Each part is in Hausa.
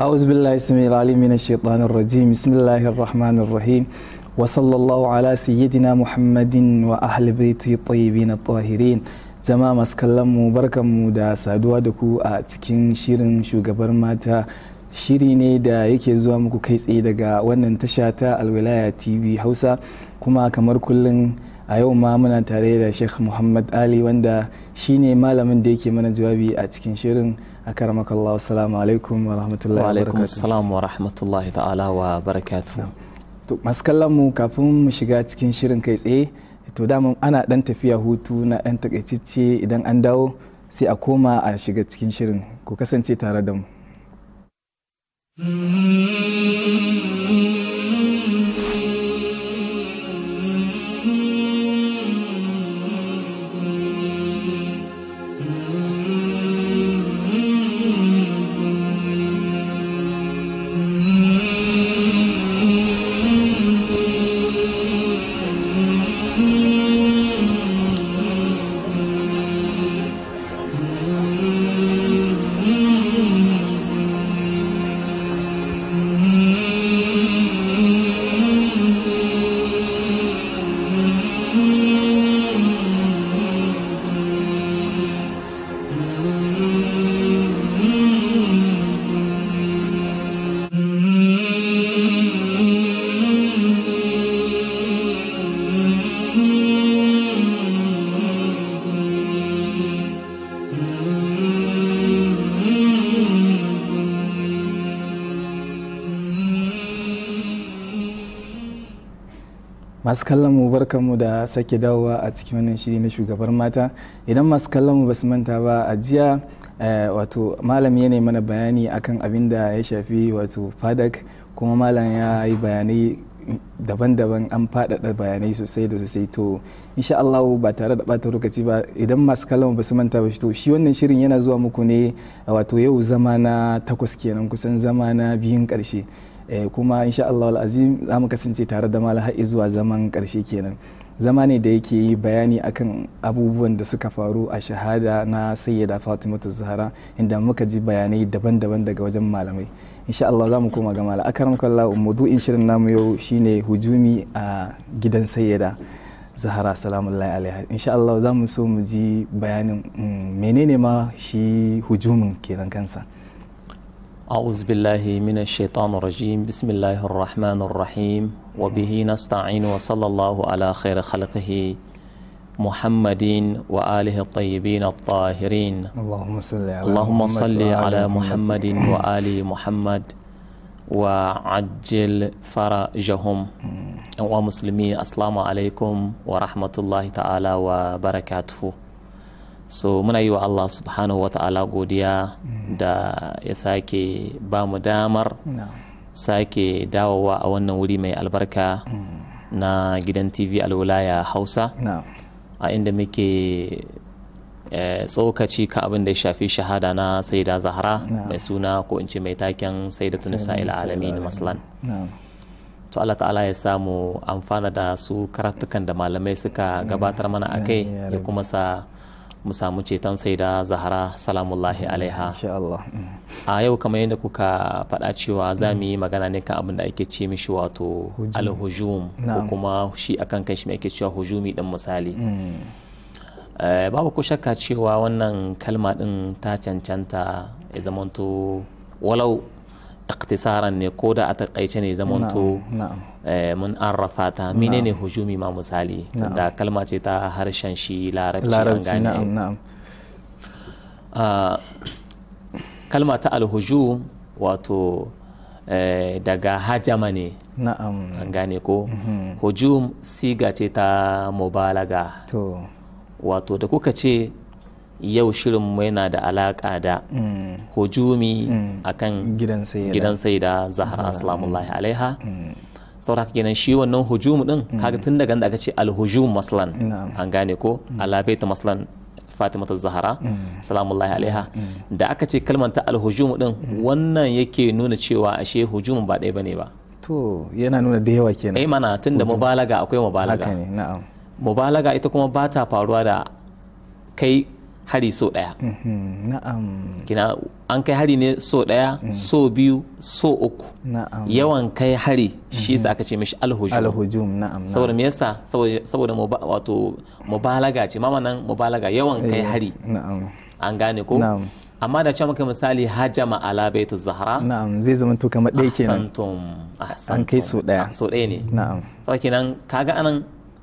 أعوذ بالله السميع العليم من الشيطان الرجيم بسم الله الرحمن الرحيم وصلى الله على سيدنا محمد وأهل بيته الطيبين الطاهرين jama'a masu kallon mu barkanmu da saduwa da ku a cikin shirin shugabar mata shiri ne da yake zuwa muku kai tsaye daga wannan tasha ta alwilaya tv hausa kuma kamar kullum a yau ma muna tare da sheikh muhammad ali wanda shine malamin da yake mana jawabi a cikin shirin akaramaka Allah assalamu alaikum wa rahmatullahi wa alaikum assalamu wa rahmatullahi ta'ala wa barakatu to masu kallon mu kafin mu shiga cikin shirin kai tsaye to dama ana dan tafiya hutu na dan takaitacce idan an dawo sai a koma a shiga cikin shirin ku kasance tare da mu mm -hmm. masu kallon mu mu da sake dawowa a cikin wannan shiri na shugabar mata idan masu kallon mu basu manta ba a jiya eh, wato malam ya mana bayani akan abin da ya shafi wato fadak kuma malam ya yi bayanai daban-daban an faɗaɗa bayanai sosai da sosai to insha Allah ba tare da bata lokaci ba idan masu kallon ba su manta ba to shi wannan shirin yana zuwa muku ne wato yau zama na takwas kenan kusan zama na biyun karshe. Eh, kuma insha Allah azim za mu kasance tare da malam har zuwa zaman karshe kenan zama ne da yake yi bayani akan abubuwan da suka faru a shahada na sayyida fatimatu zahara inda muka ji bayanai daban-daban daga wajen malamai insha Allah za mu koma ga malam akaram kallah in shirin namu yau shine hujumi a gidan sayyada zahara salamullahi alaiha insha Allah za mu so mu ji bayanin mm, menene ma shi hujumin kenan kansa أعوذ بالله من الشيطان الرجيم بسم الله الرحمن الرحيم وبه نستعين وصلى الله على خير خلقه محمد وآله الطيبين الطاهرين اللهم صل على اللهم صل على محمد وآل محمد وعجل فرجهم ومسلمي السلام عليكم ورحمة الله تعالى وبركاته so muna yi wa Allah subhanahu wa ta'ala godiya mm. da ya sake ba mu damar sake dawowa a wannan wuri mai albarka mm. na gidan tv alwulaya hausa a inda muke eh, tsokaci ka abin da ya shafi shahada na saida zahara mai suna ko in ce mai taken saida tunisa ila alamin maslan to Allah ta'ala ya samu amfana da su karatukan da malamai suka gabatar mana a kai ya kuma sa mu samu ceton sai da zahara salamullahi alaiha a yau kamar yadda kuka faɗa cewa za mu yi magana ne kan abin da ake ce mishi wato alhujum ko kuma shi akan kan shi mai ake cewa hujumi ɗin misali mm. eh, babu ku shakka cewa wannan kalma ɗin ta cancanta ya zamanto walau iktisaran ne ko da a takaice ne zamanto Eh, mun an rafa ta menene hujumi ma misali da kalma ce ta harshen shi larabci an gane ah, kalma ta alhujum wato eh, daga hajama ne an gane ko mhm. hujum siga ce ta mubalaga wato da kuka ce yau shirin yana da alaƙa da mm. hujumi mm. akan gidan sai da zahra asalamullahi alaiha mm. sauraka kenan shi wannan hujumu din hmm. kaga tun daga da aka ce alhujum maslan an gane ko hmm. alabaita maslan fatima ta zahara hmm. salamullahi alaiha da aka ce kalmanta alhujumu din wannan yake nuna cewa ashe hujumun ba ɗaya bane ba to yana nuna da yawa kenan eh mana tunda mubalaga akwai mubalaga mubalaga ita kuma ba ta faruwa da kai hari so ɗaya mhm, kina an kai hari ne so ɗaya mhm. so biyu so uku yawan kai hari shi sa mhm. aka ce mishi alhujum saboda me yasa saboda wato mubalaga ce mama nan mubalaga yawan kai eh, hari an gane ko amma da cewa muka misali hajama ala baitu zahra na'am zai zama to kamar ɗaya kenan ahsantum ahsantum an kai so ɗaya so ɗaya ne na'am saboda kenan kaga anan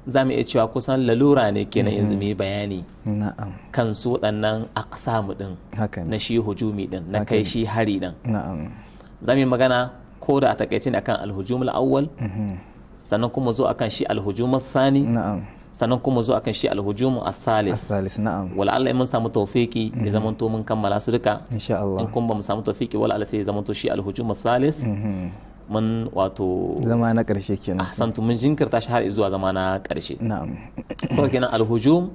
za mu iya cewa kusan lalura ne kenan yanzu mm-hmm. mu yi bayani kan su waɗannan aksamu ɗin na shi hujumi ɗin na kai shi hari ɗin za mu yi magana ko da a takaice ne akan alhujumul awwal mm-hmm. sannan kuma zo akan shi alhujumul sani sannan kuma zo akan shi alhujumu asalis asalis na'am wala Allah mun samu tawfiki ya mm-hmm. zaman to mun kammala su duka insha in kun mu samu tawfiki wala Allah sai ya zaman to shi alhujumu asalis mun wato zama na ƙarshe kenan ahsantu mun jinkirta shi har zuwa zama na ƙarshe na'am saboda kenan alhujum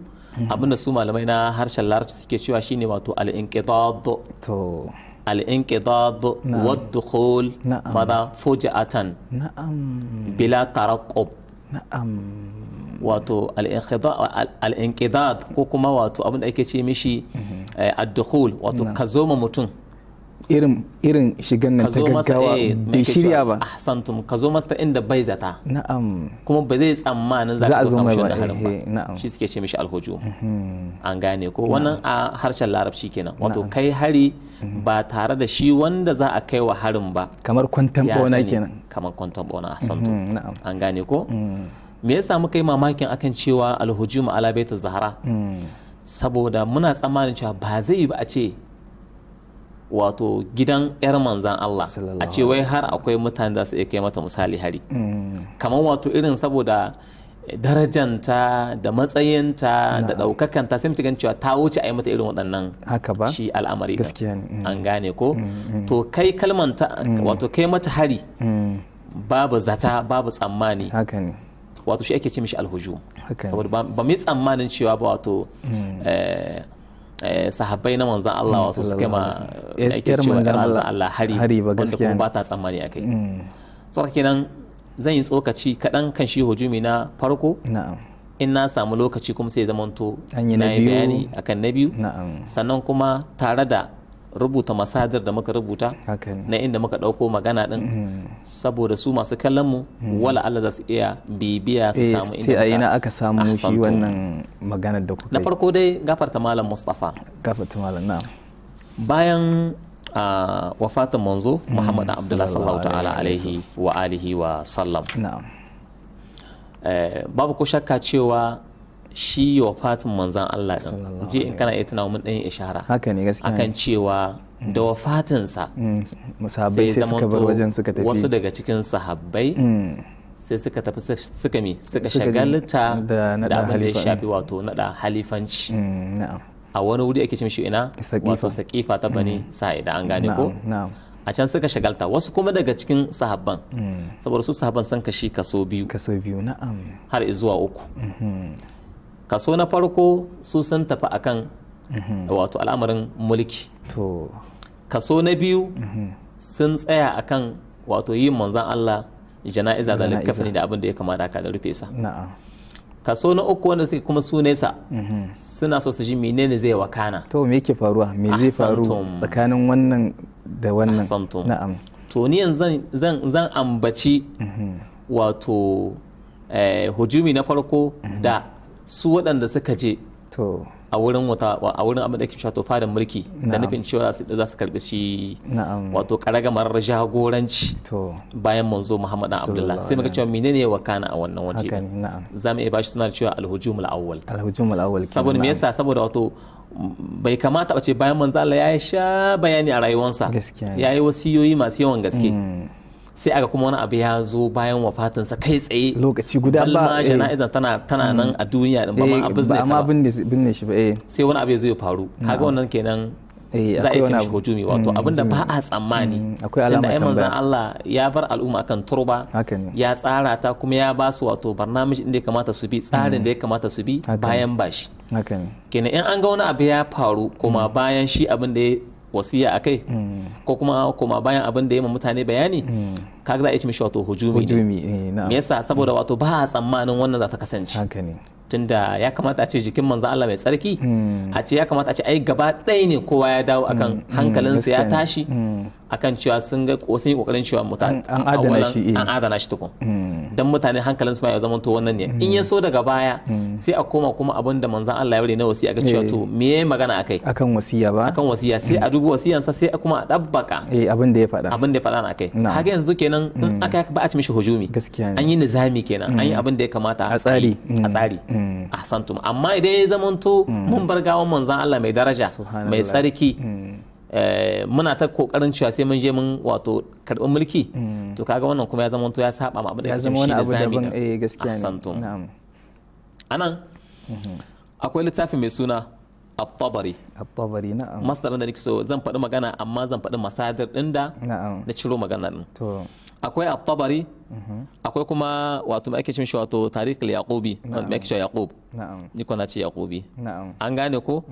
abinda su malamai na harshen larabci suke cewa shine wato al-inqidad to al-inqidad wa dukhul madha fujatan na'am bila taraqqub na'am wato al-inqidad ko kuma wato abinda ake ce mishi mhm. eh, ad-dukhul wato ka zo mutum irin irin shigan nan ta gaggawa eh, bai shirya ba ahsantum ka zo masa inda bai zata na'am kuma ba zai tsammanin za ka zo kamshin da harin ba eh, na'am shi suke ce mishi alhujum mhm. an gane ko wannan a harshen larabci kenan wato kai hari mhm. ba tare da shi wanda za a kai wa harin ba kamar kwantan bona kenan kamar kwantan bona ahsantum mhm, na'am an gane ko me yasa muka yi mamakin akan cewa alhujum ala baitul Zahra. saboda muna tsammanin cewa ba zai yi ba a ce wato gidan 'yar manzan Allah a ce wai har akwai mutane da su iya kai mata misali hari mm. kamar wato irin saboda darajanta da matsayinta da ɗaukakanta sai mutu cewa ta wuce a yi mata irin waɗannan shi al'amari mm. an gane ko mm, to kai kalmanta wato kai mata hari babu zata babu tsammani wato shi ake ce mishi alhuju saboda ba mu tsammanin cewa ba wato eh, Eh, sahabbai na manzan Allah mm, wasu suka ma eh, ake cewa manzan Allah hari wanda kuma ba ta tsammani a kai Tsar mm. kenan zan yi tsokaci kaɗan kan shi hujumi na farko in na samu lokaci kuma sai zamanto na yi bayani akan na biyu sannan kuma tare da rubuta masadar da muka rubuta na inda muka ɗauko magana din. Mm-hmm. saboda su masu kallon mu mm-hmm. wala Allah za su iya bibiya su eh, samu inda sai ina aka samu shi wannan maganar da kuka na farko dai gafarta malam Mustafa gafarta malam na'am bayan a ah, wafatin manzo mm-hmm. Muhammad Abdullah sallallahu ta'ala alaihi wa alihi wa sallam na'am eh, babu ko shakka cewa shi fatin manzan Allah ɗin ji in kana iya tunawa mun dan ishara akan cewa da wa fatinsa mm, sai suka wasu daga cikin sahabbai mm. sai suka tafi suka mi suka shagalta da abin da ya shafi wato naɗa halifanci mm, a wani wuri ake cimshi ina wato saƙifa ta bani idan an gane ko a can suka shagalta wasu kuma daga cikin sahabban saboda su sahabban san kashi kaso biyu kaso biyu na'am har zuwa uku mm-hmm. kaso na farko su sun tafi akan mhm. wato al'amarin mulki to kaso na biyu mhm. sun tsaya akan wato yin manzan Allah jana'iza da likafini da abin da ya kamata ka da rufe sa kaso na uku wanda suke kuma su nesa mhm. suna so su ji menene zai wakana to me yake faruwa me zai faru tsakanin wannan da wannan na'am to ni yanzu zan ambaci wato eh, hujumi na farko da su waɗanda suka je a wurin wata a wurin amma da ke shato fadin mulki da nufin cewa za su karbi shi wato karagamar jagoranci bayan manzo Muhammad Abdullah sai muka cewa menene wakana a wannan waje za mu iya bashi suna cewa alhujumul awwal alhujumul awwal saboda me yasa saboda wato bai kamata ba ce bayan manzo Allah ya sha bayani a rayuwarsa ya yi wasiyoyi masu yawan gaske mm. sai aga kuma wani abu ya zo bayan wafatinsa kai tsaye lokaci guda ba balma eh. jana'iza tana tana nan a duniya din ba ma a eh, business ba ma binne shi ba eh sai wani abu ya zo ya faru kaga wannan kenan eh, za a yi shi hujumi wato mm, abinda ba a tsammani mm, tunda ai manzon Allah ya bar al'umma akan turba ya tsara ta kuma ya ba su wato barnamiji inda ya kamata su bi tsarin mm. da ya kamata su bi bayan bashi kenan in an ga wani abu ya faru kuma bayan shi abin da ya wasiya a kai ko kuma bayan abin da ya mutane bayani kaga za a ce mishi wato hujumi ne eh, me yasa saboda wato ba a tsammanin wannan za ta kasance haka ne tunda ya kamata a ce jikin manzo Allah mai tsarki hmm. a ce ya kamata a ce ai gaba ɗaya ne kowa ya dawo akan hmm, hmm, hankalinsa ya tashi akan cewa sun ga sun yi kokarin cewa mutane an adana shi eh. an adana shi tukun dan mutane hankalin su ma ya zama to wannan ne in ya so daga baya sai a koma kuma abin da manzon Allah ya bari na wasiya ga cewa to eh. me yayi magana akai akan wasiya ba akan wasiya sai a dubi wasiyansa sai kuma a dabbaka eh abin da ya faɗa abin da ya faɗa akai kaga yanzu ke kenan in mm. aka ba a ci mishi hujumi an yi nizami kenan an yi mm. abin da ya kamata a tsari a mm. tsari a santum amma idan ya zamanto mun bar gawan manzon Allah mai daraja mai tsarki eh, muna ta kokarin cewa sai mun je mun wato karɓi mulki to kaga wannan kuma ya zama ya saba ma abin da ya zama wani abu daban eh gaskiya ne anan mm-hmm. akwai littafi mai suna at-tabari at-tabari na'am masdarin da nake so zan faɗi magana amma zan faɗi masadar ɗin da na ciro magana ɗin. to akwai at-tabari mhm. akwai kuma wato mai ake cin shi wato tarikh al-yaqubi mai ake cewa yaqub ni ko na ce yaqubi an gane ko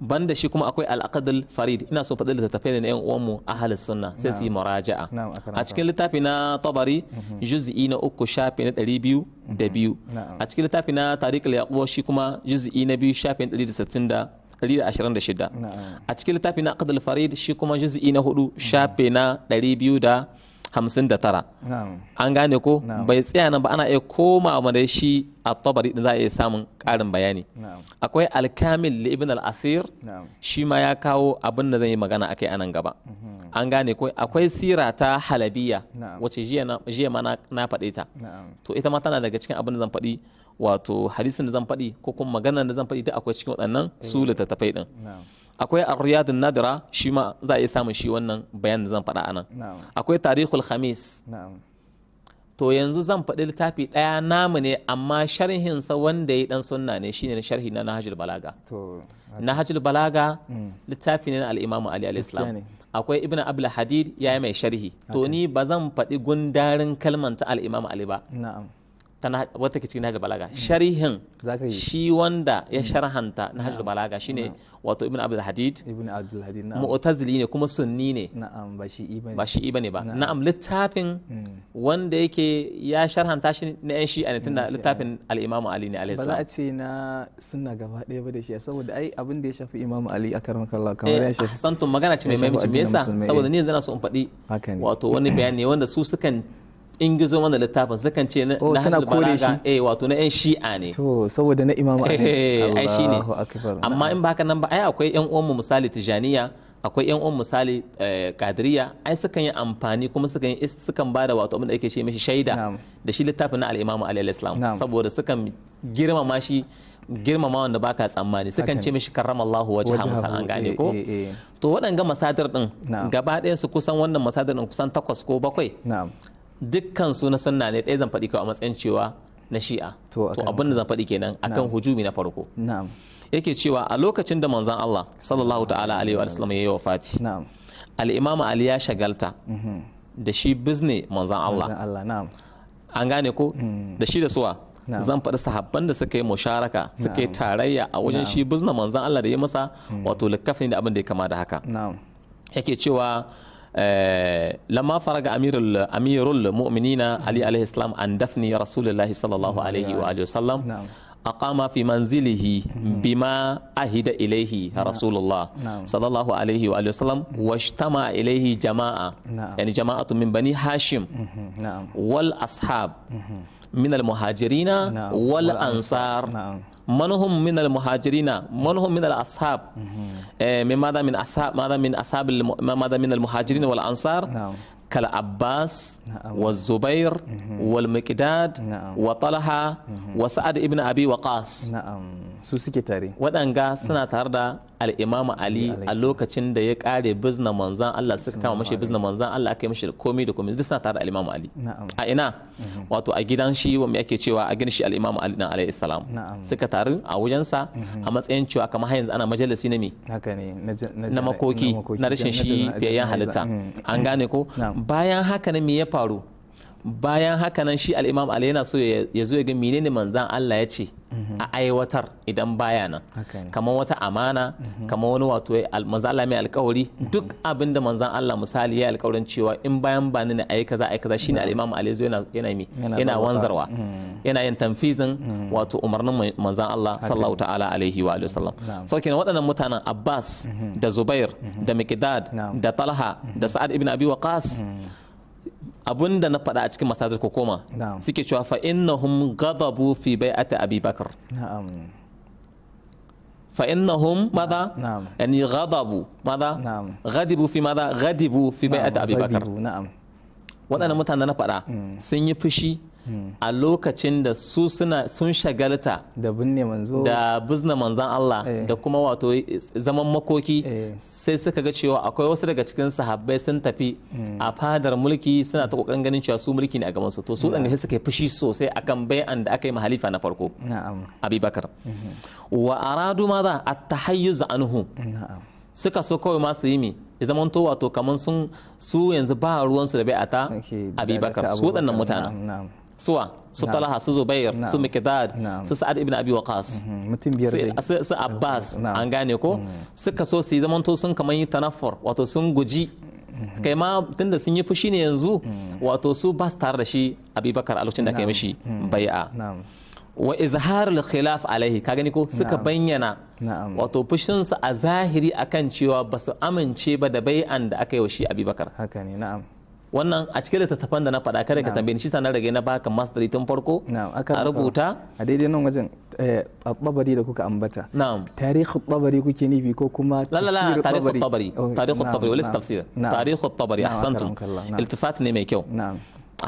banda shi kuma akwai al-aqd al-farid ina so faɗi littattafai na yan uwanmu ahlus sunna sai su yi muraja'a a cikin littafi na tabari mhm. juz'i na uku shafi na ɗari biyu da mhm. biyu a cikin littafi na tarikh al-yaqub shi kuma juz'i na biyu shafi na ɗari da sittin da 126 a cikin littafi na aqd al-farid shi kuma juz'i na hudu shafe na 200 hamsin da tara an gane ko bai tsaya nan ba ana iya koma ma da shi a tabari za a iya samun karin bayani akwai alkamil li ibn al-asir shi ma ya kawo abin da zan yi magana akai anan gaba mhm. an gane ko akwai sira ta halabiya wacce jiya ma na faɗe ta to ita ma tana daga cikin abin da zan faɗi wato hadisin da zan faɗi ko kuma maganar da zan faɗi duk akwai cikin waɗannan su eh. littattafai ɗin akwai ar-riyadun nadira shi ma za a iya samun shi wannan bayan da zan faɗa anan akwai tarihul khamis to yanzu zan faɗi littafi ɗaya namu ne amma sharhinsa wanda ya dan sunna ne shine sharhi na nahajul balaga nahajul balaga mm. littafi ne na al'imamu ali al-islam akwai ibn abul hadid ya yi mai sharhi to ni ba zan faɗi gundarin kalmanta al'imamu ali ba wata ke cikin Nahjul Balaga mm. sharihin shi wanda ya sharhanta Nahjul Balaga shine wato Ibn Abdul Hadid Ibn Abdul Hadid na'am mu'tazili ne kuma sunni ne na'am ba shi ibane ba shi ibane ba na'am littafin mm. wanda yake ya sharhanta shi na yan shi ne tunda littafin al-Imam Ali ne alayhi salam ba za a ce na sunna gaba ɗaya ba da shi saboda ai abin da ya shafi Imam Ali a karan kallah kamar ya eh, shafi santun magana ce mai maimaci me yasa saboda ni yanzu na so in faɗi wato wani bayani wanda su sukan in gizo mana littafin sukan ce na oh, hasil balaga eh wato na yan shi'a ne to saboda na imamu eh, ai shi ne amma in ba haka nan ba ai akwai yan uwanmu misali tijaniya akwai yan uwan misali kadiriya eh, ai sukan yi amfani kuma sukan yi sukan bada wato abin da ake ce mishi shaida da shi littafin na al-imamu alayhi salam saboda sukan girmama shi girmama wanda baka tsammani sukan ce mishi karramallahu wajhahu misal an gane eh, ko to waɗanga masadar din gaba ɗayan su kusan wannan masadar din kusan takwas ko bakwai dukkan su na sunna ne ɗaya zan faɗi kawai a matsayin cewa na shi'a to abin da zan faɗi kenan akan hujumi na farko yake cewa a lokacin da manzon Allah sallallahu ta'ala alaihi wa sallam yayi wafati wa al-imamu Ali ya shagalta mhm. da shi bizne manzon Allah an gane ko hmm. da shi da suwa zan faɗi sahabban da suka yi musharaka suka yi tarayya a wajen shi bizne manzon Allah da ya masa hmm. wato likafin da abin da ya kama da haka yake cewa لما فرغ امير امير المؤمنين علي عليه السلام عن دفن رسول الله صلى الله عليه نعم. واله وسلم نعم. أقام في منزله بما أهد إليه رسول نعم. الله نعم. صلى الله عليه وآله وسلم واجتمع إليه جماعة يعني جماعة من بني هاشم والأصحاب من المهاجرين والأنصار منهم من المهاجرين منهم من الأصحاب من آه، ماذا من أصحاب ماذا من أصحاب ماذا من المهاجرين والأنصار نعم. كالعباس نعم. والزبير والمقداد نعم. وطلحة وسعد ابن أبي وقاص su suke tare waɗanga suna tare da al'imamu ali a lokacin da ya kare bizna manzan Allah suka kama mashi bizna manzan Allah aka yi mashi komi da komai duk suna tare da al'imamu ali a ina mhm. wato a gidan shi wa me ake cewa a gidan shi al'imamu ali na alayhi salam suka taru a wajensa mhm. a matsayin cewa kamar har yanzu ana majalisi na me na makoki na rashin shi biyayyen halitta an gane ko bayan haka ne me ya faru bayan haka nan shi al'imam ali yana so ya zo ya ga menene manzan Allah ya ce mhm. a aiwatar idan baya nan kamar wata amana mhm. kamar wani wato manzan Allah mai alkawari mhm. duk abin da manzan Allah misali ya alkawarin cewa in bayan bani ne ayi kaza ayi kaza shine al'imam ali zo yana mi yana wanzarwa yana yin tanfizin wato umarnin manzan Allah sallallahu ta'ala alaihi wa sallam sauke na waɗannan mutanen Abbas da Zubair da Miqdad da Talha da Sa'ad ibn Abi Waqas da na faɗa a cikin masadar ko koma suke cewa fa innahum ghadabu fi bai'ati abi bakr na'am fa innahum madha na'am yani ghadabu madha na'am ghadibu fi madha ghadibu fi bai'ati abi bakr na'am waɗannan mutanen na faɗa mm. sun yi fushi Hmm. a lokacin da su suna sun shagalta da binne manzo da bizna manzan Allah eh. da kuma wato zaman makoki eh. sai suka ga cewa akwai wasu daga cikin sahabbai sun tafi hmm. a fadar mulki suna ta kokarin ganin cewa su mulki ne a gaban su to su dan sai suka fushi sosai akan bai'an da aka yi mahalifa na farko na'am Abubakar mhm. wa aradu maza a tahayyuz anhu na'am suka so kawai ma su yi mi ya zama to wato kamar sun su yanzu ba ruwansu da bai'ata Abubakar su waɗannan mutanen suwa su talaha su zubair su mikdad su sa'ad ibn abi waqas mutum biyar dai su abbas an gane ko suka so su zamanto sun kamar yi tanaffur wato sun guji kai ma tunda sun yi fushi ne yanzu wato su ba su tare da shi abubakar a lokacin da kai mishi bai'a wa izhar khilaf alaihi ka gani ko suka bayyana wato fushinsu a zahiri akan cewa ba su amince ba da bai'an da aka yi wa shi abubakar haka ne na'am wannan a cikin littattafan da na faɗa kada ka tambaye shi sanar rage na baka masdari tun farko a rubuta a daidai nan wajen eh, a babari da kuka ambata na'am tarihin babari kuke nufi ko kuma tarihi tarihin tarihi tarihin babari wala tafsir tarihin babari ahsantum iltifat ne mai kyau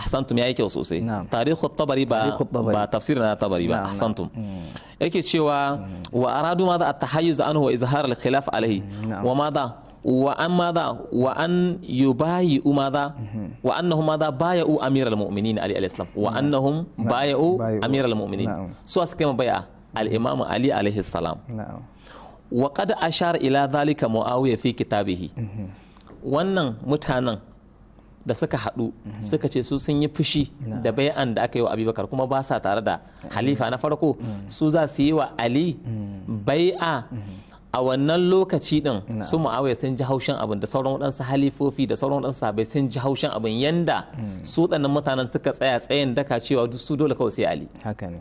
ahsantum yayi kyau sosai Tarihi babari ba ba tafsir na tabari ba ahsantum mm. yake cewa mm. wa aradu ma da at-tahayyuz anhu wa izhar al-khilaf alayhi mm, wa ma da wa an maza wa an yubayi maza mhm. wa annahum maza baya'u amiral mu'minin ali alayhi salam wa annahum baya'u amiral mu'minin su suka yi bai'a al-imam ali alayhi salam wa qad ashar ila muawiya fi mhm. wannan mutanen da suka haɗu mhm. suka ce su sun yi fushi da bayan da aka yi wa abubakar kuma ba sa tare da eh. halifa na farko mm. su za su yi wa ali mm. bai'a mm. a wannan lokaci din su mu'awiya sun ji haushin abin da sauran waɗansu halifofi da sauran waɗansu sabai sun ji haushin abin yanda hmm. su ɗannan mutanen suka tsaya tsayin daka cewa duk su dole kawai sai ali haka ne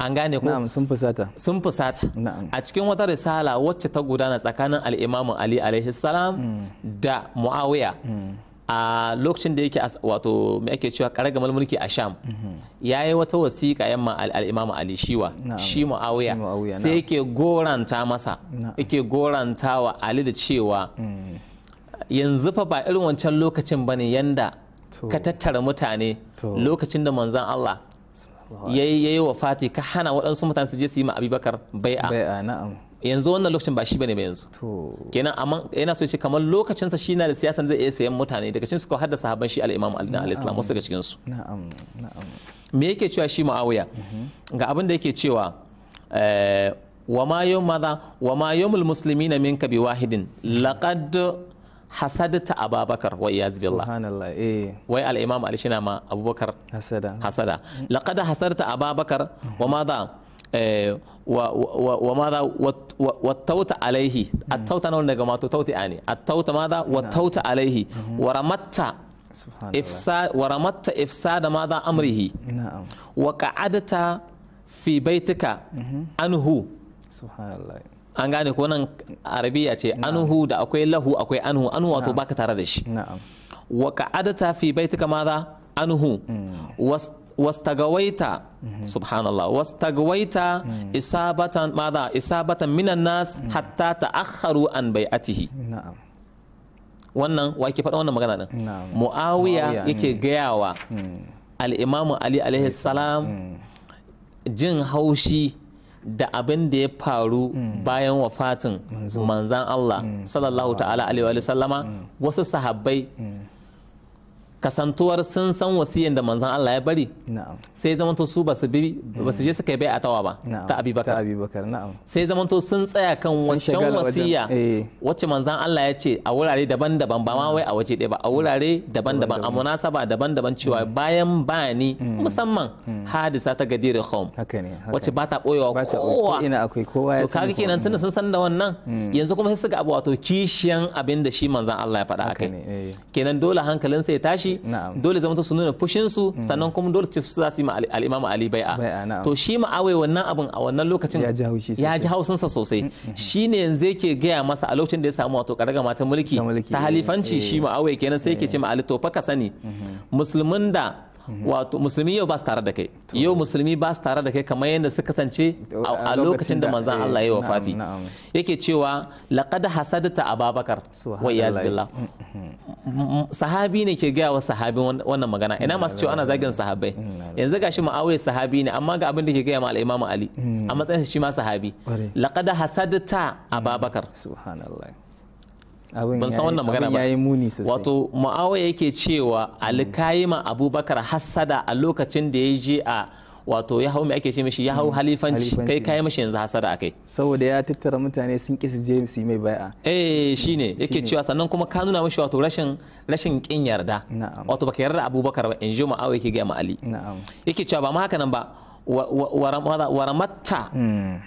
an gane ko sun fusata sun fusata a cikin wata risala wacce ta gudana tsakanin al-imamu ali alaihi salam hmm. da mu'awiya hmm. a lokacin da yake wato me ake cewa karagamar mulki a sham mhm. ya yi wata wasiƙa yamma al'imamu ali shiwa shi ma'awuya sai yake goranta masa yake goranta wa ali da cewa mm. yanzu fa ba irin wancan lokacin ba ne yanda ka tattara mutane lokacin da manzan allah ya yi wa fati ka hana waɗansu mutane su je su yi ma abubakar bai'a yanzu wannan lokacin ba shi bane ba yanzu kenan amma yana so ce kamar lokacinsa shi na da siyasan zai iya sayan mutane daga cikin su ko hadda sahabban shi al-Imam Ali alayhi salam wasu daga cikin su na'am na'am me yake cewa shi Muawiya mm-hmm. ga abin da yake cewa eh, wa ma yawm madha wa ma yawmul muslimina minka bi wahidin laqad hasadta ababakar wa iyaz billah subhanallah eh wai al-Imam Ali ma Abubakar hasada hasada laqad hasadta ababakar wa madha إيه، وماذا وتوت عليه التوت أنا قلنا ما توت يعني التوت ماذا نعم. وتوت عليه ورمت إفساد ورمت إفساد ماذا أمره نعم. وقعدت في بيتك أنه سبحان الله an gane عربية nan arabiya ce anhu da akwai أنه akwai anhu anhu وقعدت في بيتك ماذا أنه wastagawaita subhanallah wastagawaita isabatan madha isabatan minan nas hatta ta'akharu an bai'atihi wannan wa ke faɗa wannan magana nan muawiya yake gayawa al-imamu ali alaihi salam jin haushi da abin da ya faru bayan wafatin manzan Allah sallallahu ta'ala alaihi wa wasu sahabbai kasantuwar sun san wasiyan da manzan Allah ya bari sai zamanto su basu bi basu je suka bai atawa ba ta abubakar sai zamanto sun tsaya kan wancan wasiya eh. wacce manzan Allah ya ce a wurare daban-daban ba ma wai a waje ɗaya ba a wurare daban-daban a munasaba daban-daban cewa mm. bayan bani mm. musamman mm. hadisa ta gadiri khom wacce ba ta ɓoyewa kowa to kaga kenan tunda sun san da wannan yanzu kuma sai ga abu wato kishiyan abin da shi manzan Allah ya faɗa akai eh. kenan dole hankalinsa ya tashi dole zama su nuna fushin su mm. sannan kuma dole ce su za su yi al ali bai'a to shi ma'awai wannan abin a wannan lokacin ya ji hausun sa sosai mm, mm, ne yanzu yake gaya masa a lokacin da ya samu wato karaga matan mulki ta halifanci eh, shi ma'awai kenan sai yake eh. ce ma ali to fa ka sani musulmin da Mhm. wato musulmi yau ba su tare da kai yau musulmi ba su tare da kai kamar yadda suka kasance a lokacin da manzan Allah ya eh, wafati yake cewa laqad hasadta ababakar wa iyaz sahabi ne ke gaya wa sahabi wannan magana ina masu cewa ana zagin sahabai yanzu gashi ma'awai sahabi ne amma ga abin da ke gaya ma al-imam ali mm. a matsayin shi ma sahabi laqad hasadta ababakar subhanallah ban san wannan magana ba wato muawiya yake cewa alkayima abubakar hassada a lokacin da ya je a wato ya hau mai ake ce mishi ya hau halifanci kai kai mishi yanzu hasada akai saboda ya tattara mutane sun kisa je su mai bai'a eh shine yake cewa sannan kuma ka nuna mishi wato rashin rashin kin yarda wato baka yarda Abubakar ba in ji Muawiya yake ga ma Ali yake cewa ba ma haka nan ba wara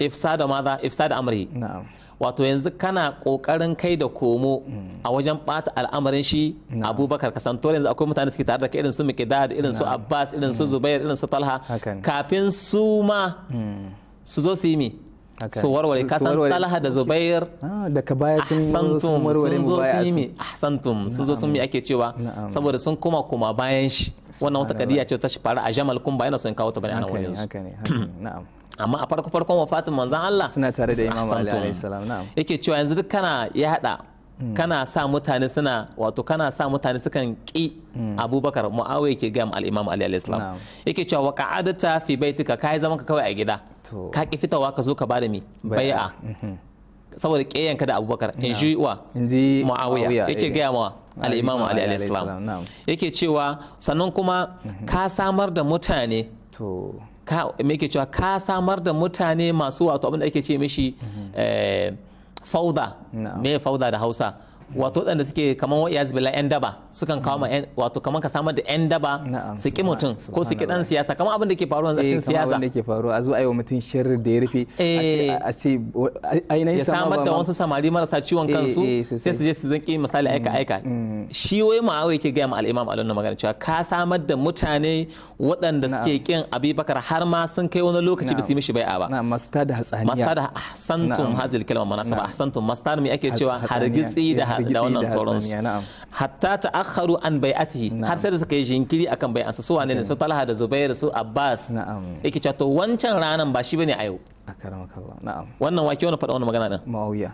ifsada maza ifsada amri wato yanzu kana kokarin kai da komo a wajen bata al'amarin shi abubakar ka santo yanzu akwai mutane suke tare da kai irin su mikidad irin su abbas irin su mm. zubair irin su talha kafin su ma mm. su zo su yi mi su warware san talha da zubair ah, daga baya sun zo su baya ahsantum sun zo sun mi ake cewa saboda sun kuma kuma bayan shi wannan wata kadiya ce ta shi fara a jamal kun ba yana son kawo ta bane ana wani yanzu amma a farko farkon wafatin manzon Allah suna tare da Imam Ali salam na'am yake cewa yanzu duk kana ya hada kana sa mutane suna wato kana sa mutane sukan ki hmm. abubakar mu'awiya ke gam al-imam ali alaihi salam yake cewa wa qa'adata fi baitika kai zaman ka kawai a gida ka ki fitawa ka zo ka bada mi bai'a saboda kiyayenka da abubakar in ji wa mu'awiya yake gaya ma al-imam ali alaihi salam yake cewa sannan kuma mhm. ka samar da mutane ka cewa ka samar da mutane masu wato abin da ake ce mishi mhm. eh, fauda me fauda da Hausa wato waɗanda suke kamar wa iyaz bila yan daba sukan kawo ma wato kamar ka samar da yan daba su ki mutum ko su ki dan siyasa kamar abin da ke faruwa a cikin siyasa eh, abin da ke faruwa a zo ayi wa mutum sharri da ya rufe a ce eh. ainihin samar da wasu samari marasa ciwon eh, kansu sai su je su zanki misali aika aika mm, mm. shi wai ma awai ke gaya ma al'imam alunna magana cewa ka samar da mutane waɗanda suke kin abubakar har ma sun kai wani lokaci ba su yi mishi bai'a ba masta da hatsaniya masta da ahsantum hazil kalma manasaba ahsantum mastada me ake cewa hargitsi da da wannan sauransu hatta ta akharu an bai'ati har sai da suka yi jinkiri akan bai'an su wane ne su talha da zubair su abbas na'am yake cewa to wancan ranan ba shi bane a yau na'am wannan wake wani faɗa wannan magana din ma'auya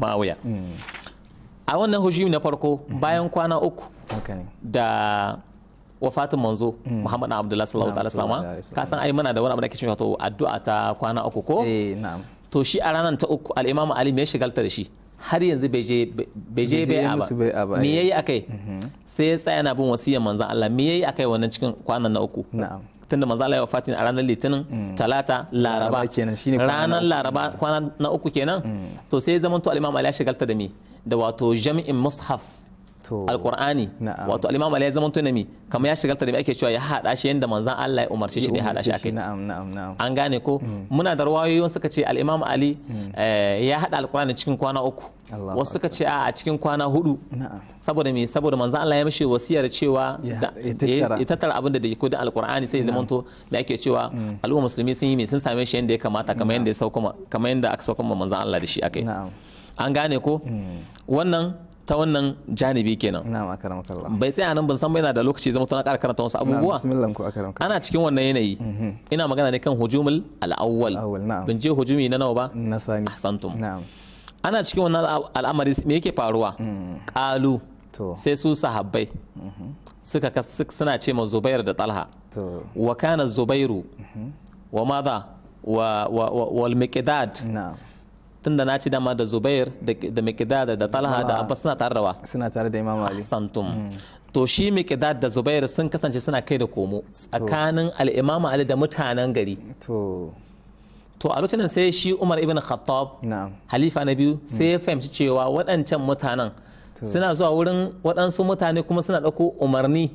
ma'auya hmm. a wannan hujumi na farko hmm. bayan kwana uku da wafatin manzo hmm. Muhammad na Abdullahi sallallahu alaihi wasallam ka san ai muna da wani abu da ake cewa to addu'a ta kwana uku ko eh na'am to shi a ranar ta uku al imamu Ali me shigaltar shi har yanzu bai je bai a ba me eh. yayi akai mm-hmm. sai ya tsaya na bin wasiyar manzan Allah me yayi akai wannan cikin kwanan na uku tunda manzan Allah ya wafati a ranar litinin mm. talata laraba ranar laraba kwanan na uku kenan mm. to sai zama to al Ali ya shigalta da me da wato jami'in mushaf alkur'ani wato al-imam ali ya zama tunami kamar ya shigar da ake cewa ya hada shi yanda manzon Allah ya umarce shi da ya hada shi akai na'am na'am na'am an gane ko mm. muna da rawayoyi suka ce al ali mm. eh, ya hada alkur'ani cikin kwana uku wasu suka ce a cikin kwana hudu saboda me saboda manzon Allah ya mishi wasiyar cewa ya tattara abin da da kodin alqur'ani sai ya zama to da ake cewa mm. al'umma musulmi sun yi me sun same shi yanda ya kamata kamar yanda ya sauka kamar yanda aka sauka manzon Allah da shi akai an gane ko wannan ta wannan janibi kenan na'am akramakallah bai tsaya nan ban san bai na da lokaci zama tana ƙara karanta wasu abubuwa ana cikin wannan yanayi mhm. ina magana ne kan hujumul al-awwal bin je hujumi na nawa ba na sani ahsantum ana cikin wannan al'amari me yake faruwa qalu mm. sai su sahabbai mhm. suka suna ce ma Zubair da Talha wa kana Zubairu mhm. wa madha wa wal miqdad na'am tunda na ci dama da Zubair da Miqdad da Talha da Abbas suna tare da suna tare da Imam Ali santum mm. to shi Miqdad da Zubair sun kasance suna kai da komo tsakanin alimam Ali da mutanen gari to to a lokacin sai shi Umar ibn Khattab halifa na biyu sai ya fahimci cewa waɗancan mutanen suna zuwa wurin waɗansu mutane kuma suna ɗauko umarni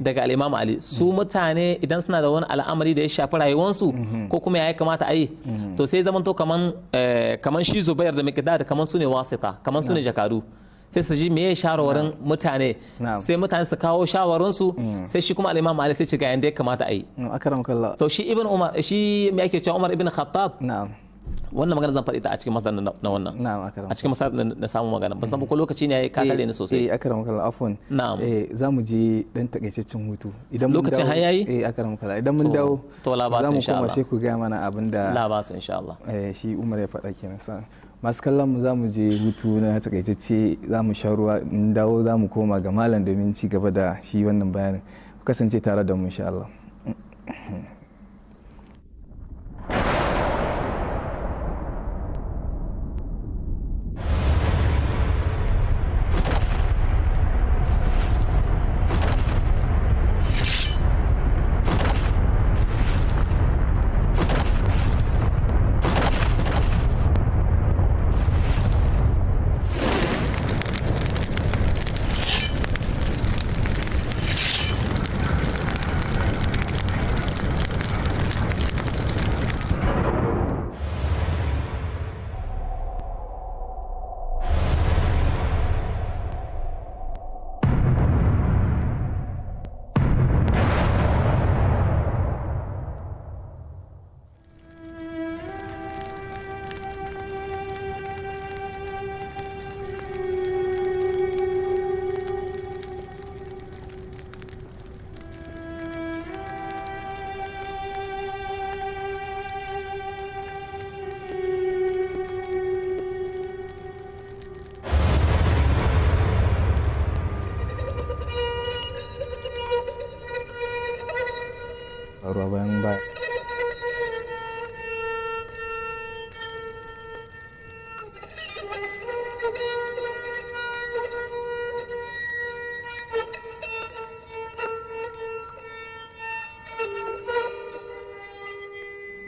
daga al'imam ali su mm. mutane idan suna da wani al'amari da ya shafi rayuwansu mm-hmm. ko kuma ya kamata a yi mm-hmm. to sai zaman to kaman eh, kaman shi zubair da da kaman su ne wasita kaman su ne jakadu sai su ji meye shawarwarin mutane sai mutane su kawo shawarwarinsu mm. sai shi kuma al'imam ali sai ci ga yanda ya kamata a yi mm, to shi ibn umar shi me ake cewa umar ibn khattab wannan magana zan faɗi ta a cikin masar na wannan a cikin masar na samun magana ba san ko lokaci ne ya yi tare ni sosai eh, eh akaram kala afon eh, za mu je dan takaitaccen hutu idan mun lokacin har yayi eh akaram kala idan mun dawo to labasin insha Allah sai ku ga mana da labasin insha Allah eh shi Umar ya faɗa kenan sa masu kallon mu mu je hutu na takaitacce mu sha ruwa mun dawo za mu koma ga malam domin ci gaba da shi wannan bayanin kasance tare da mu insha Allah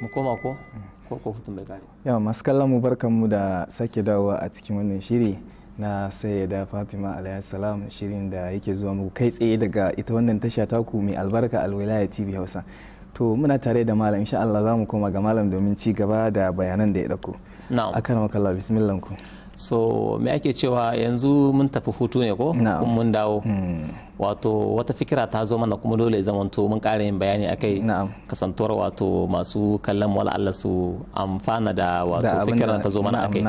mu koma ko ko ko hutun bai kare ya masu mu barkan mu da sake dawowa a cikin wannan shiri na sayyada fatima alayhi salam shirin da yake zuwa mu kai tsaye daga ita wannan tasha taku mai albarka alwilaya tv hausa to muna tare da malam insha Allah za koma ga malam domin ci gaba da bayanan da ya dauko na'am akan makalla bismillah ku so me ake cewa yanzu mun tafi hutu ne ko kuma mun dawo hmm. wato wata fikira ta zo mana kuma dole zamanto mun ƙara yin bayani akai kasantuwar wato masu kallon wala Allah su amfana da wato fikira ta zo mana akai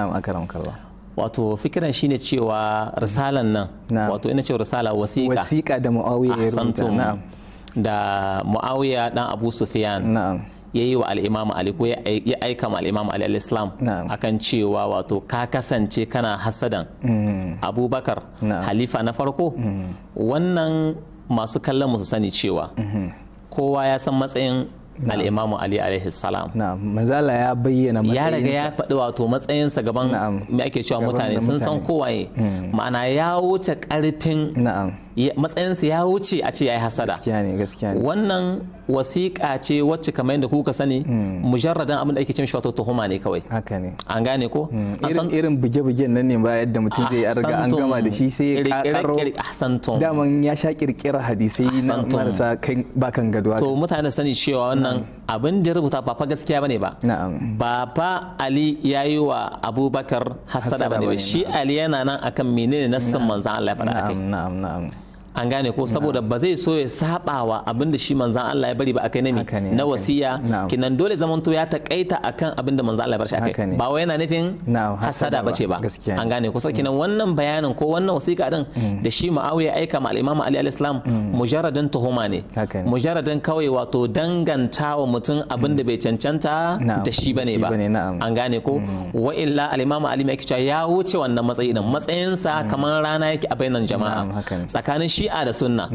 wato fikiran shine cewa risalan nan wato ina ce risala wasiƙa wasiƙa da muawiya ya rubuta da muawiya dan abu sufyan na'am ya yi wa al'imamu ali ko ya aika ma al'imamu ali al'islam akan cewa wato ka kasance kana hasadan mm. abubakar halifa na farko mm. wannan masu kallon su sani cewa mm-hmm. kowa ya san matsayin al'imamu ali alaihi salam mazala ya bayyana matsayinsa ya riga ya faɗi wato matsayinsa gaban me ake cewa mutane sun san kowaye mm. ma'ana ya wuce ƙarfin matsayinsa ya wuce a ce ya yi hasada gaskiya ne gaskiya ne wannan wasiƙa ce wacce kamar yadda kuka sani hmm. mujarradan abin da ake ce wato tuhuma ne kawai haka ne an gane ko hmm. irin irin buge-buge nan ne ba yadda mutum zai ya riga an gama da shi sai ya karo daman ya sha kirkira hadisai na marasa kai kan gaduwa to mutane sani cewa wannan abin da rubuta ba fa gaskiya bane ba ba fa Ali ya yi wa Abubakar hasada bane ba shi Ali yana nan akan menene nassin manzon Allah ya faɗa akai na'am na'am an gane ko saboda ba zai so ya saba wa shi manzan Allah ya bari ba akai ne na wasiya kinan dole zamanto ya takaita akan abinda manzan Allah ya bar shi akai ba wai yana nufin hasada bace ba an gane ko kinan mm. wannan bayanin ko wannan wasiƙa din mm. da shi Muawiya aika ma al-Imam Ali al-Islam mm. mujarradan tuhuma ne mujarradan kawai wato dangantawa mutum abinda bai cancanta da shi bane ba an gane ko wa illa al-Imam Ali mai ya wuce wannan matsayi din matsayinsa kamar rana yake a bainan jama'a tsakanin shi shi'a da sunna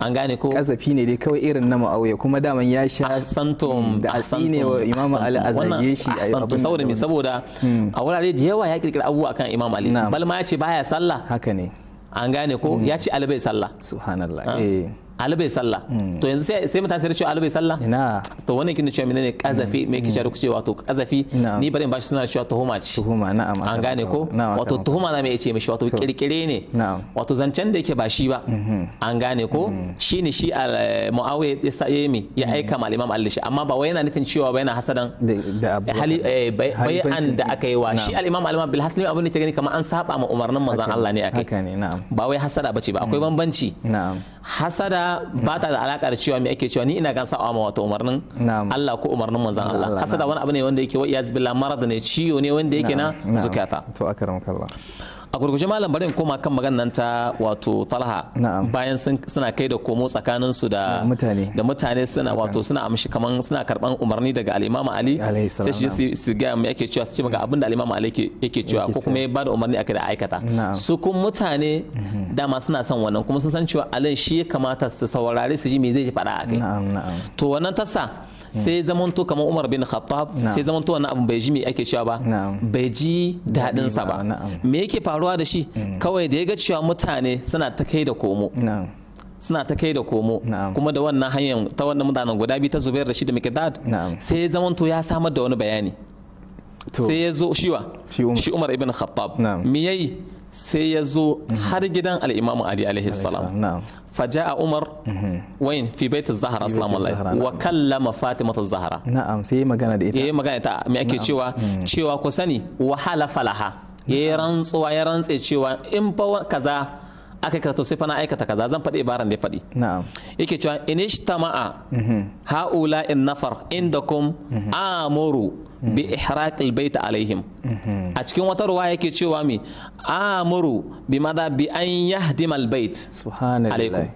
an gane ko kasafi ne dai kawai irin na ma'auya kuma daman ya sha ahsantum da asine wa imamu ali a zage shi a ahsantum saboda me saboda hmm. a wurare da yawa ya kirkira abubuwa akan imam ali balma ya ce baya sallah haka ne an gane ko hmm. ya ce ali bai sallah subhanallah ah. eh Ali bai salla hmm. to yanzu sai sai mutane sai cewa alibai sallah ina to wannan kin cewa menene kazafi me yake cewa cewa wato kazafi ni bari in bashi suna cewa tuhuma ce tuhuma na'am an gane ko wato tuhuma na me yace mishi wato kirkire ne wato zancen da yake ba shi ba mhm. an gane ko mhm. shine shi eh, muawiya ya sa yemi ya mhm. aika ma imam Ali shi, amma ba wai yana nufin cewa ba yana hasadan Da bayan eh, da aka yi wa shi Ali imam al-imam bil haslimi abin da ke gani kamar an saba ma umarnin manzon Allah ne akai ba wai hasada bace ba akwai bambanci hasada hasada ba ta da alaka da cewa me ake cewa ni ina gan sa'a ma wato umarnin Allah ko umarnin manzon Allah hasada wani abu ne wanda yake wa iyaz billah marad ne ciwo ne wanda yake na zukata to a gurguje malam bari in koma kan maganan ta wato talha bayan suna kai da komo tsakanin su da mutane da mutane suna wato suna amshi kaman suna karban umarni daga al Ali sai shi su ga mu yake cewa su ce ga abin da al Ali yake cewa ko kuma ya bada umarni akai da aikata su kun mutane mhm. dama suna son wannan kuma sun san cewa alin shi ya kamata su saurare su ji me zai faɗa akai to wannan tassa Mm. sai zamanto kamar Umar bin Khattab sai zamanto wannan abin bai ji mai ake cewa ba bai ji daɗin sa ba me yake faruwa da shi mm. kawai da ya ga cewa mutane suna ta kai da komo suna ta kai da komo kuma da wannan hanyar ta wannan mutanen guda biyu ta Zubair da shi da Miqdad sai ya zamanto ya samar da wani bayani sai ya zo shiwa shi Umar ibn Khattab me yayi sai ya zo mhm. har gidan al'imamu ali alaihi salam faja a umar mhm. wayin fi baita zahara salamu alaihi wa kallama fatima ta zahara na'am sai magana da ita yayi magana ita me ake cewa mm. cewa ku sani wa halafalaha yayi rantsuwa ya rantse cewa in fa kaza aka yi kato sai fa na aikata kaza zan faɗi ibaran da ya faɗi yake cewa inishtama'a haula in nafar kum amuru bi ihraq bait alaihim mhm. a cikin wata ruwa yake cewa mi amuru bi madha bi an yahdima Bait. Subhanallah.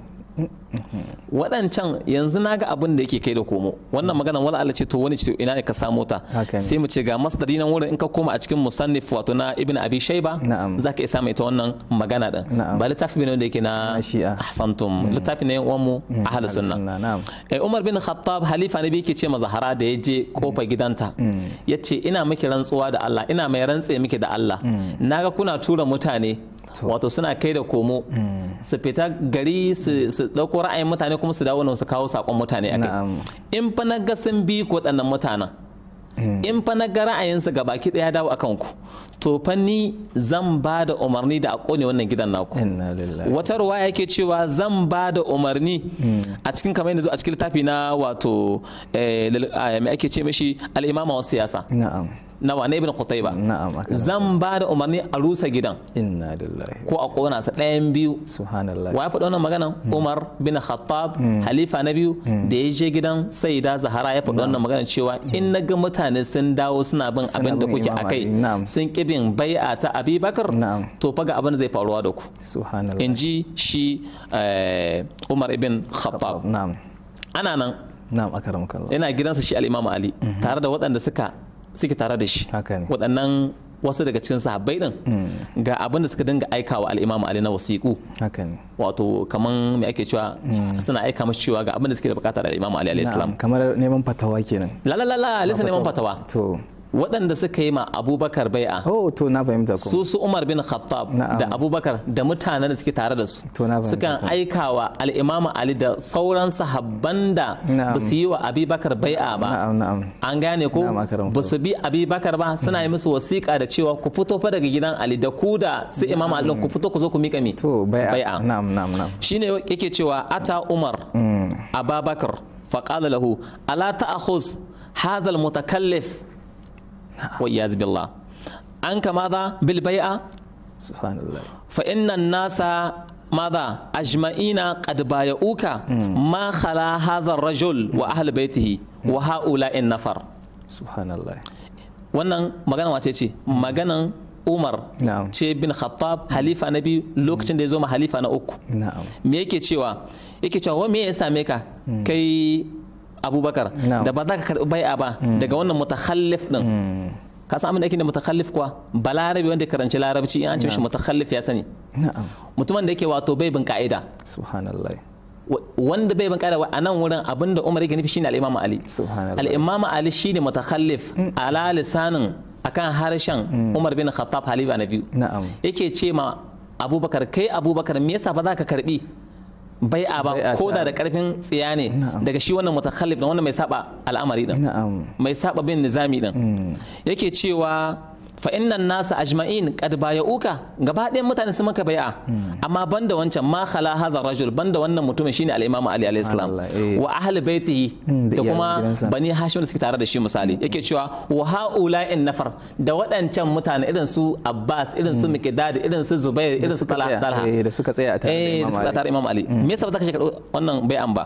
waɗancan yanzu na ga abin da yake kai da komo wannan magana wala Allah ce to wani ce ina ne ka samo ta sai mu ce ga masdari nan wurin in ka koma a cikin musannif wato na ibn abi shayba zaka iya samu ita wannan magana din ba littafi ne wanda yake na ahsantum mm. littafi ne yan uwanmu mm. ahlus sunna eh Umar bin Khattab halifa ne yake ce mazahara da ya je mm. kofa gidanta yace ina miki rantsuwa da Allah ina mai rantse miki da Allah naga kuna tura mutane wato suna kai da komo mm. su fita gari su dauko ra'ayin mutane kuma su dawo nan su kawo sakon mutane akai in fa na ga sun bi ko waɗannan mutanen mm. in fa na ga ra'ayinsu ga baki ɗaya dawo akan ku to fa ni zan ba da umarni da a kone wannan gidan naku wata ruwa yake cewa zan ba da umarni mm. a cikin kamar yanzu a cikin littafi na wato eh, ah, mai ake ce mishi al'imama wasu siyasa nawa na ibn qutayba zan ba da umarni a rusa gidan inna lillahi ko a kona sa ɗayan biyu subhanallah wa ya faɗa wannan magana hmm. umar bin khattab hmm. halifa na biyu hmm. da ya je gidan sayyida zahara ya faɗa wannan magana cewa in na ga mutane sun dawo suna bin abin da kuke akai sun kibin bai'a ta abubakar to fa ga abin zai faruwa da ku subhanallah in shi eh, umar ibn khattab ana nan Na'am akaram kallah. Yana gidansa shi al-Imam Ali tare da waɗanda suka suke tare da shi waɗannan wasu daga cikin sahabbai din mm. ga abin da suka dinga aika wa al'imamu ali na wasiƙu wato kamar me ake cewa mm. suna aika mashi cewa ga abin da suke da bukata da al'imamu ali alayhi salam kamar neman fatawa kenan la la la la neman fatawa to waɗanda suka yi ma abubakar bai'a oh to na fahimta su su umar bin khattab da abubakar da mutanen da suke tare da su sukan aika wa al'imama ali da sauran sahabban da ba su yi wa abubakar bai'a ba an gane ko ba su bi abubakar ba suna yi musu wasiƙa da cewa ku fito fa daga gidan ali da ku da su imam ali ku fito ku zo ku miƙa mi bai'a shine yake cewa ata umar mm. ababakar faqala lahu ala ta'khuz hazal mutakallif wa iyaz billah an maza bil bai'a subhanallah fa inna nasa maza ajma'ina qad uka. ma khala hadha rajul wa ahli baitihi wa ha'ula'in nafar subhanallah wannan magana wace ce maganan umar ce bin khattab halifa na biyu lokacin da ya zoma ma halifa na uku me yake cewa yake cewa wa me ya same ka hmm. kai abubakar da ba za ka karɓi bai'a ba hmm. daga wannan mutakhallif din hmm. ka san abin da yake da mutakhallif kuwa balarabi wanda ya karanci larabci in an ce mishi mutakhallif ya sani mutumin da yake wato bai bin ka'ida subhanallah wanda bai bin ka'ida a nan wurin abinda da Umar yake nufi shine al-Imam Ali al-Imam Ali shine mutakhallif hmm. ala lisanin akan harshen Umar bin Khattab Halifa na biyu yake ce ma Abubakar kai Abubakar me yasa ba za ka karbi bai'a ba ko da da karfin tsiya ne daga shi wannan mutakhallif da wannan mai saba al'amari din mai saba bin nizami din mm. yake cewa fa innan nasu ajma'in qad baya'uka gaba ɗayan mutane sun maka bai'a amma banda wancan ma khala hadha rajul banda wannan mutumin shine al-imamu ali alayhi salam eh. wa ahli baitihi hmm, da kuma bani hashim da suke tare da shi misali yake cewa wa in nafar da waɗancan mutane irin su abbas irin su hmm. miqdad irin su zubair irin su talha eh, da suka tsaya a tare da eh, imam ali hmm. me yasa ba za ka shi wannan bai'an ba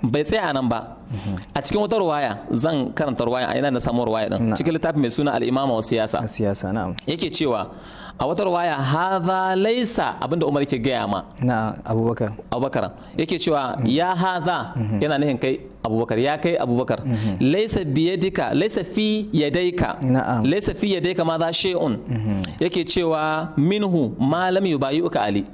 bai tsaya nan ba a cikin wata ruwaya zan karanta ruwaya a yana da samuwar ruwaya din cikin littafi mai suna al'imama wa siyasa siyasa na'am yake cewa a wata ruwaya hadha laisa abinda umar yake gaya ma na abubakar abubakar yake cewa ya hadha mhm. yana nihin kai abubakar ya kai abubakar mhm. laisa biyadika laisa fi yadaika laisa fi yadaika ma za shay'un mhm. yake cewa minhu ma lam uka ali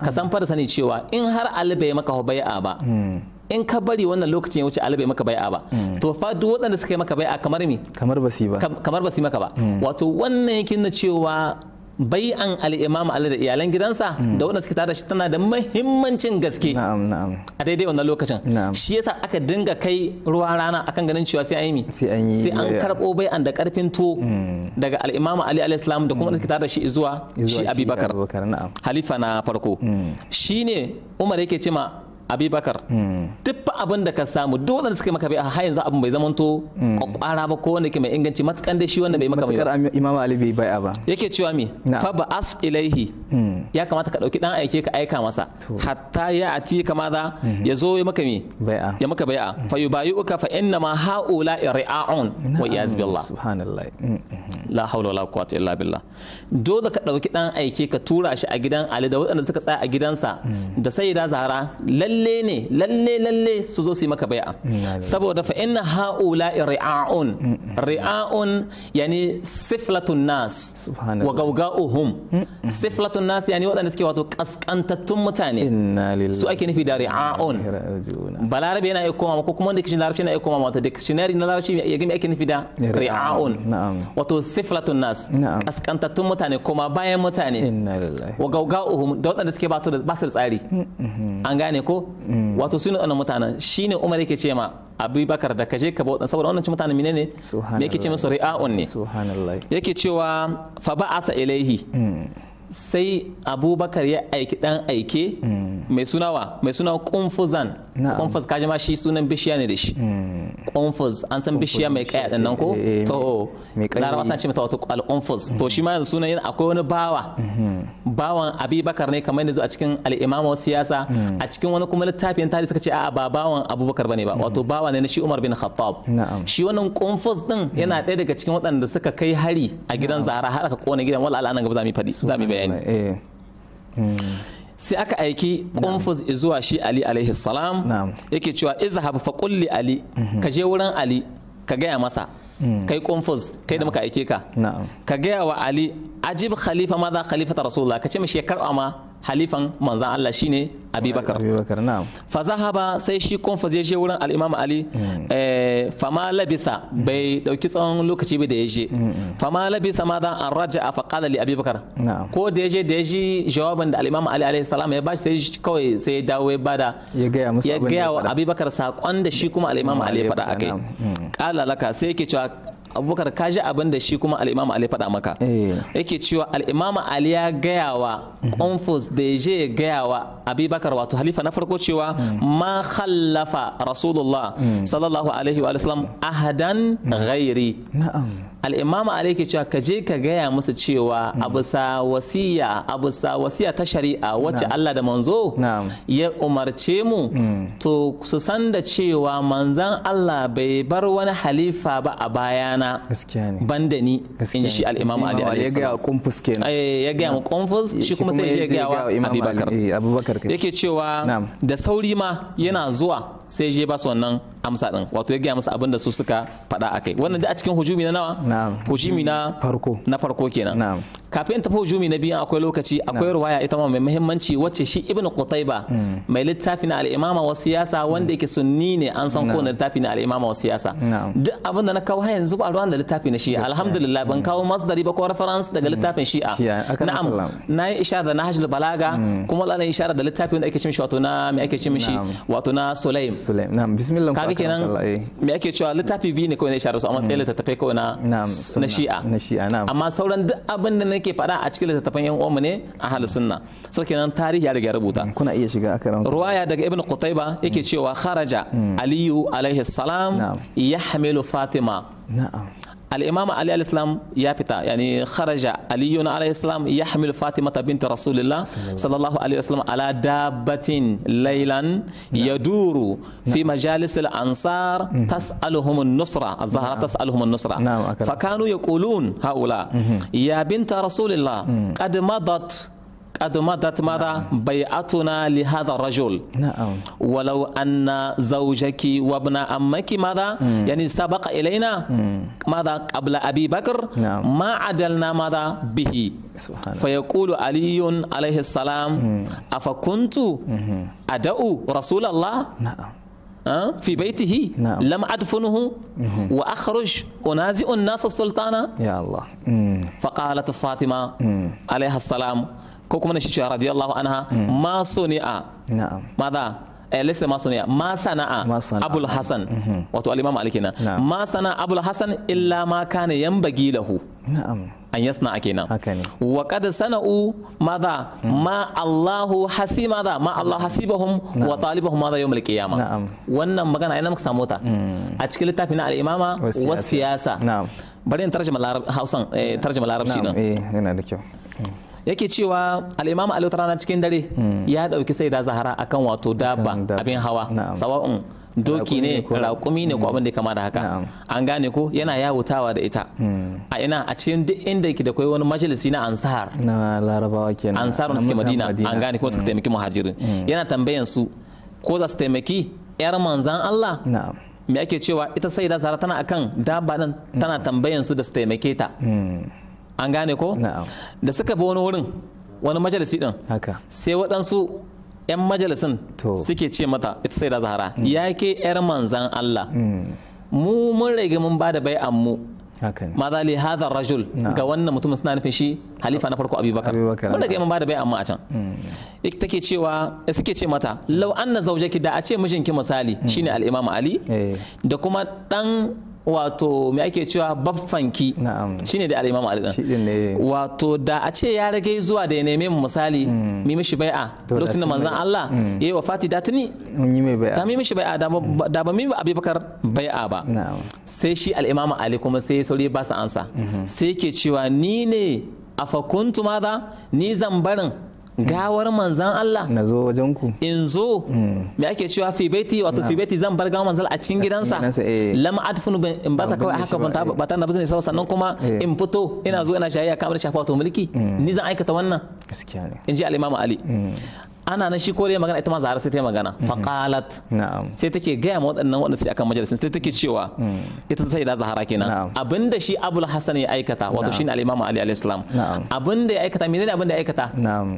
ka san fara sani cewa in har ali bai maka hubai'a ba mm. in ka bari wannan lokacin ya wuce Allah bai maka bai'a ba mm. to fa duk waɗanda suka yi maka bai'a kamar me kamar basi ba kamar basi maka ba mm. wato wannan yake nuna cewa bai an al'imama Allah da iyalan gidansa mm. da waɗanda suke tare shi tana da muhimmancin gaske a daidai wannan lokacin shi yasa aka dinga kai ruwa rana akan ganin cewa sai an yi sai an karɓo bai an da karfin to daga al'imama Ali alayhi salam da kuma da suke tare shi zuwa shi Abubakar halifa na farko shine Umar yake cewa abubakar hmm. duk abin da ka samu Dole da suka yi maka bai har yanzu abin bai zamanto kwakwara hmm. ba ko wanda ke mai inganci matukan da shi wanda bai maka bai ba imamu ali bai bai'a ba yake cewa me fa ba as ilaihi hmm. ya kamata ka dauki dan aike ka aika masa hatta ya ati kama za ya zo ya maka mi. bai'a ya maka bai'a fa yubayuka fa inna ma haula ri'aun wa iyaz billah subhanallah la hawla wala quwwata illa billah dole ka dauki dan aike ka tura shi a gidan ali da waɗanda suka tsaya a gidansa da sayyida zahara lalle lalle ne lalle lalle su zo su yi maka bai'a saboda fa inna haula ri'aun ri'aun yani siflatun nas wa gawga'uhum siflatun nas yani wadanda suke wato kaskantattun mutane su ake nufi da ri'aun balarabe yana iya koma ko kuma wanda kishin larabci yana iya koma wato dictionary na larabci ya gami ake nufi da ri'aun wato siflatun nas kaskantattun mutane kuma bayan mutane wa gawga'uhum da wadanda suke ba su da tsari an gane ko Mm. wato sunan wannan mutanen shine Umar yake ce ma Abubakar da kaje ka bauta saboda wannan mutanen mine ne me yake ce musu ri'a'un ne yake cewa fa ba'asa ilaihi mm. sai abubakar ya aiki dan aike mm. mai suna wa mai suna kumfuzan kumfuz kaji ma shi sunan bishiya ne da shi mm. kumfuz an san bishiya mai kaya din nan ko eh, eh, to larabawa suna ce mata wato al-kumfuz to mm-hmm. shi ma yanzu sunan akwai wani bawa mm-hmm. bawan abubakar ne kamar yanzu a cikin al'imama imamu siyasa mm. a cikin wani kuma littafin tarihi suka ce a'a ba bawan abubakar bane ba mm-hmm. wato bawa ne na shi umar bin khattab shi wannan kumfuz din yana ɗaya daga cikin waɗanda suka kai hari a gidan zahara har aka kona gidan wala al'anan gaba za mu faɗi za mu yi bayani eh. hmm. sai aka aiki kunfus zuwa shi ali alaihi salam yake cewa izhab fa kulli ali mhm. ka je wurin ali ka gaya masa hmm. kai kunfus kai da muka aike ka ka gaya wa ali ajib khalifa maza khalifata rasulullah ka ce mishi ya amma. ma halifan manzan Allah shine Abubakar Abubakar fa zahaba sai shi Qunfaz zai je wurin al-Imam Ali mm. eh, ma labitha mm. bai dauki tsawon lokaci ba da ya je mm, Fa ma labitha ma dan an raja fa qala li Abubakar ko da ya je da ya ji jawabin da al-Imam Ali alaihi salam ya bashi sai kawai sai ya dawo ya bada ya gaya musu ya gaya wa Abubakar sakon da shi kuma al-Imam Ali ya faɗa akai qala laka sai yake cewa abubakar ka ji abin da shi kuma al'imama ali faɗa maka eh. yake cewa al'imama ali ya gaya wa unfus mhm. da ya je gaya wa abubakar wato halifa na farko cewa mhm. ma khallafa rasulullah mhm. sallallahu alaihi wa sallam ahadan ghairi al'imam alaiki cewa ka je ka gaya musu cewa a bisa wasiya a wasiya ta shari'a wacce Allah da manzo ya umarce mu to su san da cewa manzan Allah bai bar wani halifa ba a bayana ban da ni in ji shi al'imam ali ya gaya kumfus kenan eh, ya gaya kumfus shi kuma kuma sai je gaya wa abubakar eh, yake cewa da sauri ma yana zuwa sai je ba su wannan amsa din wato ya gaya masa abin da su suka faɗa kai wannan da a cikin hujumi na nawa hujumi na farko na farko kenan kafin ta hujumi na biyan akwai lokaci akwai ruwaya ita ma mai muhimmanci wacce shi ibnu qutayba hmm. mai littafi na al-imama wa siyasa wanda yake sunni ne an san ko littafi na al-imama wa siyasa duk abin da na kawo hayan yanzu ruwan da littafi na shi'a alhamdulillah ban hmm. kawo masdari ba ko reference daga hmm. littafin shi'a na'am na yi ishara da nahjul balaga kuma lalai ishara da littafin da ake cin shi wato na mai ake cin shi wato na sulaim na'am bismillah haka kenan me ake cewa littafi biyu ne kawai na share su amma sai littattafai kawai na na shi'a na shi'a na'am amma sauran duk abin da nake faɗa a cikin littattafan yan uwanmu ne a ahlus sunna sai kenan tarihi ya riga rubuta kuna iya shiga akaran ruwaya daga ibn qutayba yake mm. cewa kharaja mm. aliyu alaihi salam yahmilu fatima na'am الإمام علي عليه السلام يابتا يعني خرج علي عليه السلام يحمل فاطمة بنت رسول الله صلى الله عليه وسلم على دابة ليلا نعم. يدور في نعم. مجالس الأنصار تسألهم النصرة الزهرة نعم. تسألهم النصرة فكانوا يقولون هؤلاء يا بنت رسول الله قد مضت قد مضت مضى بيعتنا لهذا الرجل نعم ولو أن زوجك وابن أمك ماذا يعني سبق إلينا ماذا قبل أبي بكر نعم. ما عدلنا ماذا به سبحان فيقول علي عليه السلام أفكنت أدعو رسول الله نعم في بيته نعم. لم أدفنه وأخرج أنازع الناس السلطانة يا الله فقالت فاطمة عليها السلام ko kuma na shi cewa radiyallahu anha hmm. ma suni'a maza eh, laisa ma suni'a ma sana'a abul hasan mhm. wato al-imam ali kenan ma sana'a abul hasan illa ma kana yanbaghi lahu na'am an yasna kenan wa qad sana'u madha hmm. ma Allahu hasi madha ma Allah hasibahum wa talibahum madha yawm al-qiyamah na'am wannan magana ina muka samu ta hmm. a cikin littafin al-imama wa siyasa na'am bari in tarjuma Hausan eh, tarjuma larabci nan eh, yana da kyau yake cewa al-imam rana cikin dare hmm. ya dauki sai da zahara akan wato dabba abin hawa sawa'un doki ne raƙumi ne ko abin da ya kama da haka an gane ko yana yawutawa da ita hmm. a ina a cikin duk inda ke da kai wani majalisi na ansar na larabawa kenan ansar suke madina an gane ko suka hmm. taimaki muhajirin yana tambayan su ko za su taimaki yar manzan Allah me ake cewa ita sai da tana akan dabba tana tambayan su da su taimake ta an gane ko da suka bi wani wurin wani majalisi din sai waɗansu 'yan majalisin suke ce mata ita sai da zahara mm. ya ke 'yar manzan Allah mm. mu mun rage mun ba da bai'an mu maza li hadha rajul ga wannan mutumin suna nufin shi halifa na farko abubakar mun rage mun ba da bai mu a can mm. take cewa eh, suke ce mata an na zaujaki da a ce mijinki misali shine al ali eh. da kuma dan wato me ake cewa babfanki shine da al alidan wato da a ce ya rage zuwa da ya neme misali mm. mi mishi bai'a lokacin da manzan Allah mm. wa fati da tuni mun mai da mi mishi bai'a da ba mm. mi bai bai'a ba sai shi al ali kuma sai sauri ba sa ansa mm-hmm. sai ke cewa ni ne a ma maza ni zan barin gawar manzan Allah na zo wajen ku in zo hmm. me ake cewa fi baiti wato fi baiti zan bar gawar manzan a cikin gidansa eh. Lama adfunu in bata kawai haka ban ba ta nabi ne sannan kuma eh. in fito ina zo ina a kamar shafa wato mulki hmm. ni zan aikata wannan gaskiya ne in ji al-Imam Ali hmm. ana nan shi ko dai magana ita ma zahara sai ta magana mhm. faqalat sai take gaya ma waɗannan waɗanda suke akan majalisin sai take cewa mm. ita sai da zahara kenan abinda shi abul hasan ya aikata wato shine al-imam ali alayhi salam abinda ya aikata ne abinda ya aikata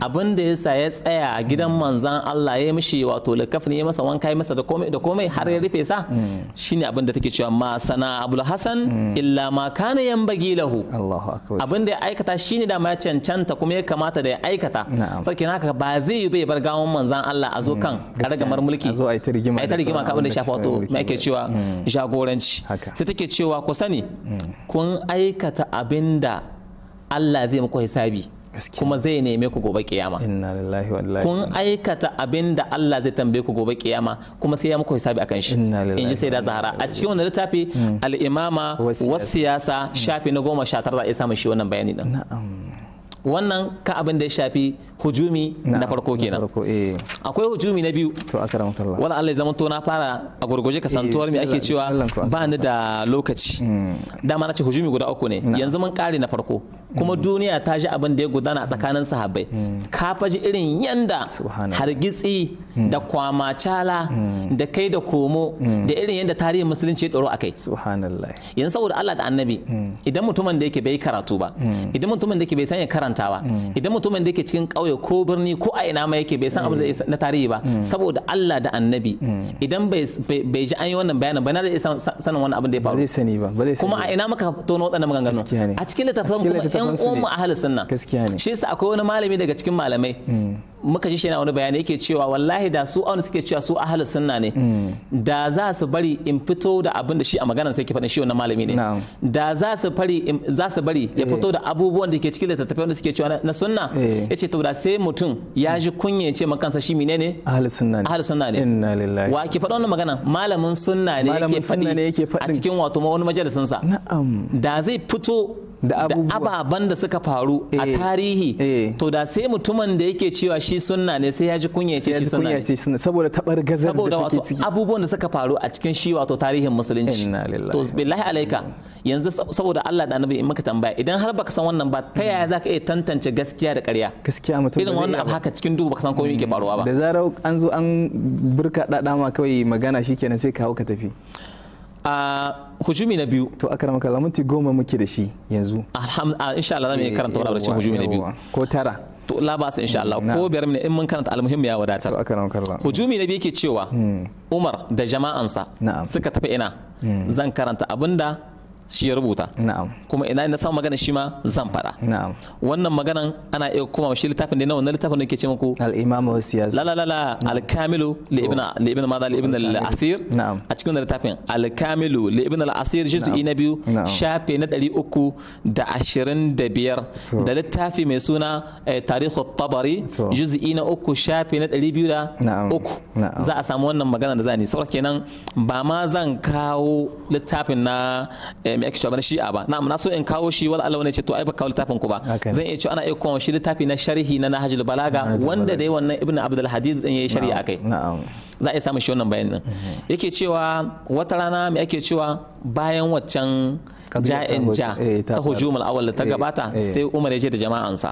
abinda ya sa ya tsaya gidan mm. manzan Allah ya mishi wato likafni ya masa wanka ya masa da komai da komai har ya rufe sa mm. shine abinda take cewa ma sana abul hasan illa ma kana yanbaghi lahu Allahu akbar abinda ya aikata shine da ma cancanta kuma ya kamata da ya aikata sakin haka ba zai yi ba. bar gawon manzan Allah a zo mm. kan karagamar mulki a zo a yi ta rigima a yi ta rigima k'a abin da shafa wato mai ake cewa mm. jagoranci sai take cewa ku sani mm. kun aikata abin da Allah zai muku hisabi kuma zai neme ku gobe kiyama kun aikata abin da Allah zai tambaye ku gobe kiyama kuma sai ya muku hisabi akan shi in ji sai da zahara a cikin wannan littafi al-imama wasu siyasa shafi na goma sha tara za a iya samun shi wannan bayani din wannan ka abin da ya shafi hujumi na farko kenan eh. akwai hujumi na biyu to akramakallah wala Allah ya zama to na fara a gurguje kasantuwar eh, me ake cewa ba ni da lokaci hmm. ma na ce hujumi guda uku ne yanzu mun kare na farko kuma hmm. duniya ta ji abin da ya gudana a tsakanin sahabbai hmm. ka faji irin yanda hargitsi da kwamacala da kai da komo da irin yanda tarihin musulunci ya doro akai subhanallah yanzu saboda Allah da annabi idan mutumin da yake bai karatu ba idan mutumin da yake bai sanya karanta karantawa idan mutumin da yake cikin ƙauye ko birni ko a ina ma yake bai san abin da na tarihi ba saboda Allah da annabi idan bai ji an yi wannan bayanin ba na zai sanin wannan abin da ya faru zai sani ba kuma a ina maka tono waɗannan maganganu a cikin littafin kuma ƴan uwan mu ahlus sunna gaskiya ne shi yasa akwai wani malami daga cikin malamai mm. muka ji shi yana wani bayani yake cewa wallahi da su auna suke cewa su ahlus sunna ne da za su bari in fito da abin da shi a maganar sai ke faɗin shi wannan malami ne da za su bari za su bari ya eh. fito da abubuwan da ke cikin littattafai wanda suke cewa na sunna eh. yace to da sai mutum ya ji kunya ce maka kansa shi menene ahlus sunna ne ahlus sunna ne inna lillahi wa ke faɗa wannan magana malamin sunna ne yake faɗi a cikin wato wani majalisin sa na'am da zai fito da ababen da suka faru a eh. tarihi eh. to da sai mutumin da yake cewa shi sunna ne sai ya ji kunya ce shi sunna ne saboda tabar gazar da take ciki abubuwan da suka faru a cikin shi wato tarihin musulunci to billahi alaika yanzu saboda Allah da annabi in maka tambaya idan har baka san wannan ba ta yaya hmm. zaka iya tantance gaskiya da ƙarya gaskiya mutum irin wannan abu haka cikin duhu baka san komai yake hmm. faruwa ba da zarar an zo an burka dada ma kawai magana shikenan sai ka hau ka tafi a hujumi na biyu to akara maka lamunti goma muke da shi yanzu alhamdulillah insha Allah mu iya eh, karanta wani abu hujumi na biyu ko tara to la ba su insha Allah ko biyar ne in mun karanta almuhimmi ya wadatar hujumi na biyu yake cewa hmm. Umar da jama'ansa suka tafi ina hmm. zan karanta abinda shi ya rubuta kuma ina na samu magana shi ma zan Na'am. wannan maganan ana iya kuma shi littafin da wannan littafin da yake ce muku al Imam wa siyasa la la la al-kamilu li ibn li ibn madha li ibn al-asir a cikin littafin al-kamilu li ibn al-asir juz'i na biyu shafe na 325 da littafi mai suna eh, at tabari juz'i na uku shafe na 203 za a samu wannan magana da zani saboda kenan ba ma zan kawo littafin na eh, mai ake cewa shi'a ba na'am na so in kawo shi wala Allah wani ce to ai ba kawo littafin ku ba zan iya cewa ana iya kawo shi littafi na sharhi na nahjul balaga wanda dai wannan ibnu abdul hadid din yayi sharhi akai na'am za a iya samun shi wannan bayan din mhm. yake cewa wata rana mai ake cewa bayan waccan ja'in ja eh, ta hujumul awal ta eh, gabata eh. sai Umar ya je da jama'ansa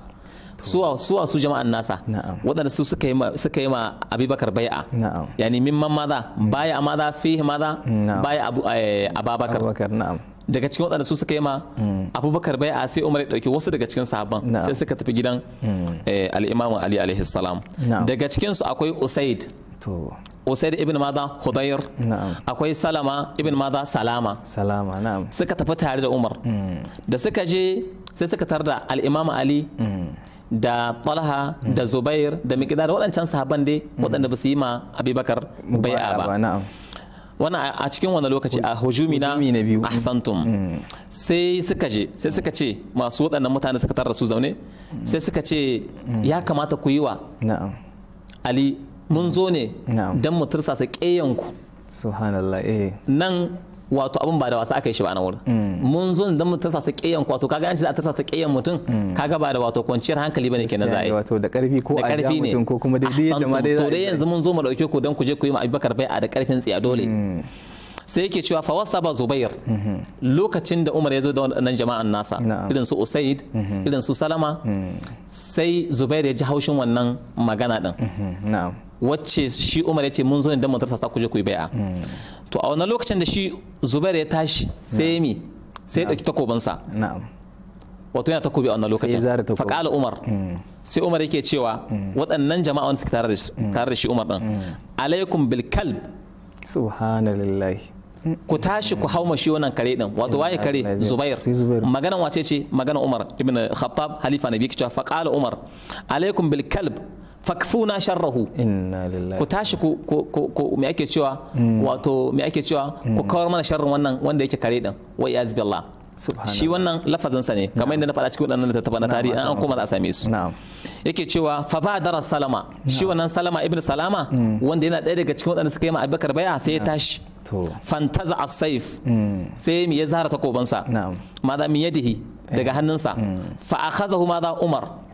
suwa suwa su jama'an nasa waɗanda su suka yi suka yi ma Abubakar bai'a yani mimman maza mm. baya maza fihi maza baya Abu Ababakar daga cikin waɗanda su suka yi ma mm. abubakar bai a sai umar ya ɗauki wasu daga cikin sahabban sai suka tafi gidan mm. eh, al'imamu ali alaihi salam daga cikinsu akwai usaid usaid ibn maza hudayr akwai salama ibn maza salama salama na'am suka tafi tare da umar mm. da suka je sai suka tar da al'imamu ali da talha da zubair da miƙidar waɗancan sahabban dai waɗanda ba su yi ma abubakar bai'a ba wani a cikin wani lokaci a hujumi na ahsantum mm. sai suka je sai suka ce masu waɗannan mutane suka tara su zaune sai suka ce mm. ya kamata ku yi wa ali mun zo ne don mu tursa sa ƙeyanku eh. nan wato abin ba da wasa aka yi shi ba nan wurin mm. mun zo da mu tasasa kiyan wato kaga an ce za a tasasa kiyan mutum mm. kaga ba da wato kwanciyar hankali bane kenan za a yi wato da karfi ko a ji mutum ko kuma daidai yadda ma dai to dai yanzu mun zo mu dauke ku dan ku je ku yi ma Abubakar bai a da karfin tsiya dole mm. sai yake cewa fa wasa ba zubair mm-hmm. lokacin da umar ya zo da wannan jama'an nasa irin su usaid mm-hmm. irin su salama sai zubair ya ji haushin wannan magana din mm-hmm. wacce shi umar ya ce mun zo ne don mu tarsa kuje je ku yi bai'a hmm. to a wannan lokacin da shi zubair ya tashi sai ya mi sai ya ɗauki takobinsa wato yana takobi a wannan lokacin faƙala umar hmm. sai umar yake cewa hmm. waɗannan jama'a wanda suke tare da shi umar ɗin alaikum bil kalb subhanallah ku tashi ku hauma shi wannan kare din wato waye kare zubair maganan wace ce maganan umar ibn khattab halifa nabi kicewa faqala umar alaikum bil kalb fakfuna sharrahu ku tashi ku ku me ake cewa mm. wato me ake cewa ku mm. kawar mana sharrin wannan wanda yake kare din wa iyaz billah shi wannan lafazin sa ne kamar yadda na faɗa cikin wannan littattafan na tarihi an kuma za a same su yake cewa fa ba dara salama shi wannan salama ibn salama mm. wanda yana ɗaya daga cikin waɗanda suka yi ma abubakar baya sai ya tashi fantaza as-saif sai mi ya zara takobansa ma da mi yadihi eh. daga hannunsa fa akhazahu ma da umar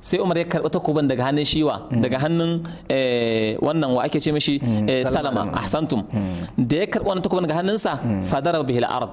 sai umar ya karɓi takuban daga hannun shiwa mm. daga hannun eh, wannan wa ake ce mishi mm. eh, salama ahsantum mm. da ya karɓi wannan takuban daga hannunsa fadara bihil ard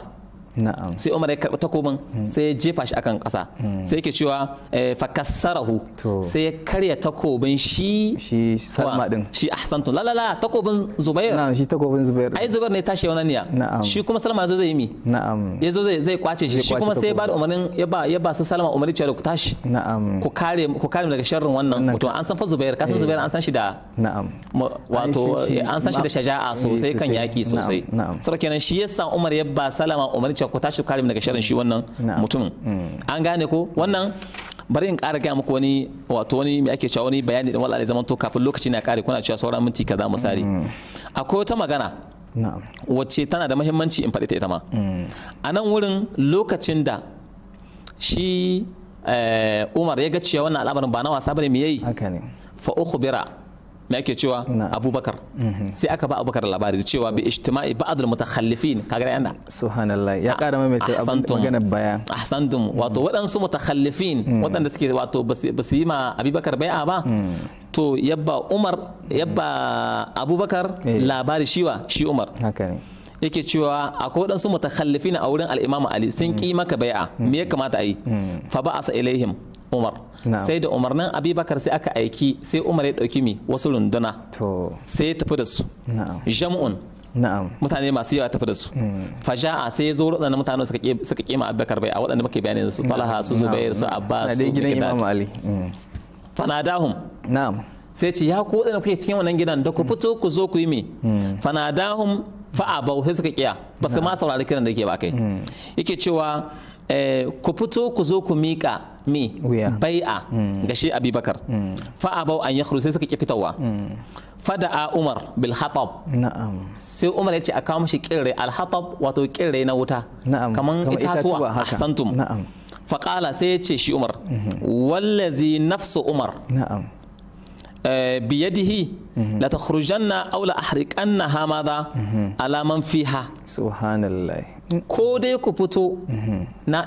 sai umar ya karɓi takobin hmm. sai ya jefa shi akan ƙasa hmm. sai yake cewa eh, fakassarahu sai ya karya takobin shi shi salma din shi ahsantu la la la takobin zubair na'am shi takobin zubair ai zubair ne tashi wannan niya shi kuma salma zai zai mi na'am yazo zai zai kwace shi shi kuma sai ya ba umarnin ya ba ya ba su salma umarni cewa ku tashi na'am ku kare ku kare daga sharrin wannan mutum an san fa zubair kasan eh. zubair an san shi da na'am wato eh, an san shi da shaja'a sosai kan yaki sosai sarki nan shi yasa umar ya ba salma umarni cewa ku tashi kare daga sharin shi wannan mutumin mm. an gane ko wannan bari in ƙara gaya muku wani wato wani me ake cewa wani bayani din wallahi zaman to kafin lokaci na kare kuna cewa sauran minti kaza misali mm. akwai wata magana wacce tana da muhimmanci in faɗi ta ita ma mm. a nan wurin lokacin da shi eh, Umar ya ga cewa wannan al'amarin ba na wasa bane me yayi fa ukhbira me ake cewa abubakar mhm. sai aka ba abubakar labari cewa bi ijtima'i ba'dul mutakhallifin kaga dai anda subhanallah ya kara mai mai magana baya ahsantum mhm. wato waɗansu mutakhallifin mhm. waɗanda suke wato basu yi ma abubakar bai'a ba to yabba umar yabba abubakar eh. labari shiwa shi umar haka ne yake cewa akwai waɗansu mutakhallifin a wurin al-imamu ali sun ki maka bai'a me ya kamata a yi fa ba'asa ilaihim umar sai da umarnin abubakar sai aka aiki sai umar ya dauki mi wasu runduna sai ya tafi da su jam'un mutane masu yawa tafi da su mm. faja'a sai ya zo waɗanda mutane suka kima abubakar bai a waɗanda muke bayanin su talaha su zubair su abbas su mm. fanadahum sai ce ya ku waɗanda kuke cikin wannan gidan da ku mm. fito ku zo ku yi mi. fanadahum fa'abau sai suka kiya ba su ma saurari kiran da ke ba kai yake cewa eh, ku fito ku zo ku miƙa me bai'a mm. ga shi abubakar mm. fa abau an yakhru sai suka ki fitawa mm. fada'a umar bil hatab na'am sai umar ya ce a kawo mishi kirre al hatab wato kirre na wuta na'am kaman itatuwa ahsantum na'am faqala sai ya ce shi umar mhm. wallazi nafsu umar na'am eh, biyadihi mhm. la takhrujanna aw la ahriqanna hamada mhm. ala man fiha subhanallah ko dai ku fito na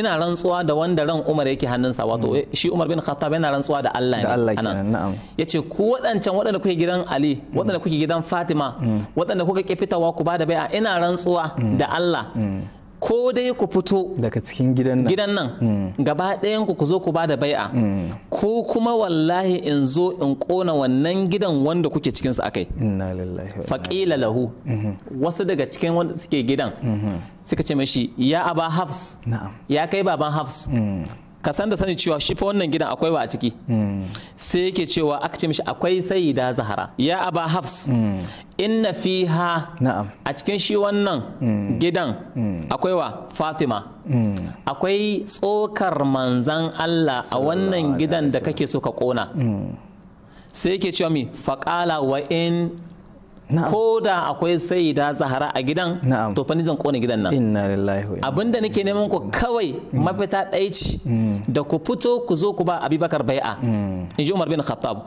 ina rantsuwa da wanda ran Umar yake hannunsa wato hmm. eh, shi Umar bin Khattab yana rantsuwa da Allah ne anan yace ku wadancan waɗanda kuke gidan Ali hmm. waɗanda kuke gidan Fatima hmm. waɗanda kuka fitawa ku bada bai'a ina rantsuwa da Allah ko dai ku fito daga cikin gidan nan hmm. gaba ɗayan ku zo ku bada bai'a hmm. ko kuma wallahi in zo in kona wannan gidan wanda kuke cikin su akai faqila lahu hmm. wasu daga cikin wanda suke gidan suka ce mishi ya aba hafs ya kai baban hafs ka san da sani cewa shi fa wannan gidan akwai wa a ciki hmm. sai yake cewa aka ce mishi akwai sayyida zahara ya aba hafs hmm. inna fiha na'am a cikin shi wannan hmm. gidan akwai wa fatima akwai tsokar manzan Allah a wannan gidan da kake so ka kona sai yake cewa mi faƙala wa in ko da akwai sai da zahara a gidan to fa ni zan kone gidan nan inna lillahi abinda nake neman ku kawai mm. mafita daici mm. da ku fito ku zo ku ba abubakar bai'a mm. in umar bin khattab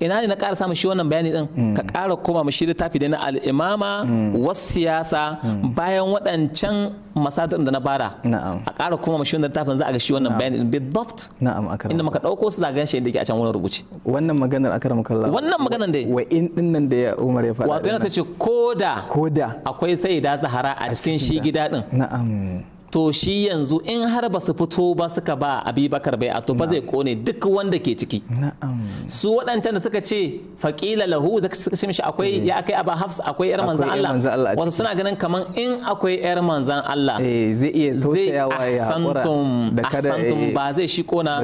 ina ne na ƙara samun shi wannan bayani din mm. ka ƙara koma mu shi littafi da na al'imama mm. wasu siyasa mm. bayan waɗancan masadar da na bara a ƙara koma mu shi wannan littafin za a ga shi wannan bayani din bidaft inda maka ɗauko su zagayen shi inda ke a can wani rubuce. wannan maganar akara kalla wannan maganar dai wa in din nan da ya Umar ya faɗa wato yana ce koda koda akwai sai da zahara a cikin shi gida din na'am to shi yanzu in har ba su fito ba suka ba abubakar bai a to ba zai kone duk wanda ke ciki su waɗancan da suka ce faƙila lahu da suka ce mishi akwai eh. ya akai aba hafs akwai yar manzan Allah wasu suna ganin kaman in akwai yar manzan Allah eh, zai iya tausayawa ya hakura da kada eh, ba zai shi kona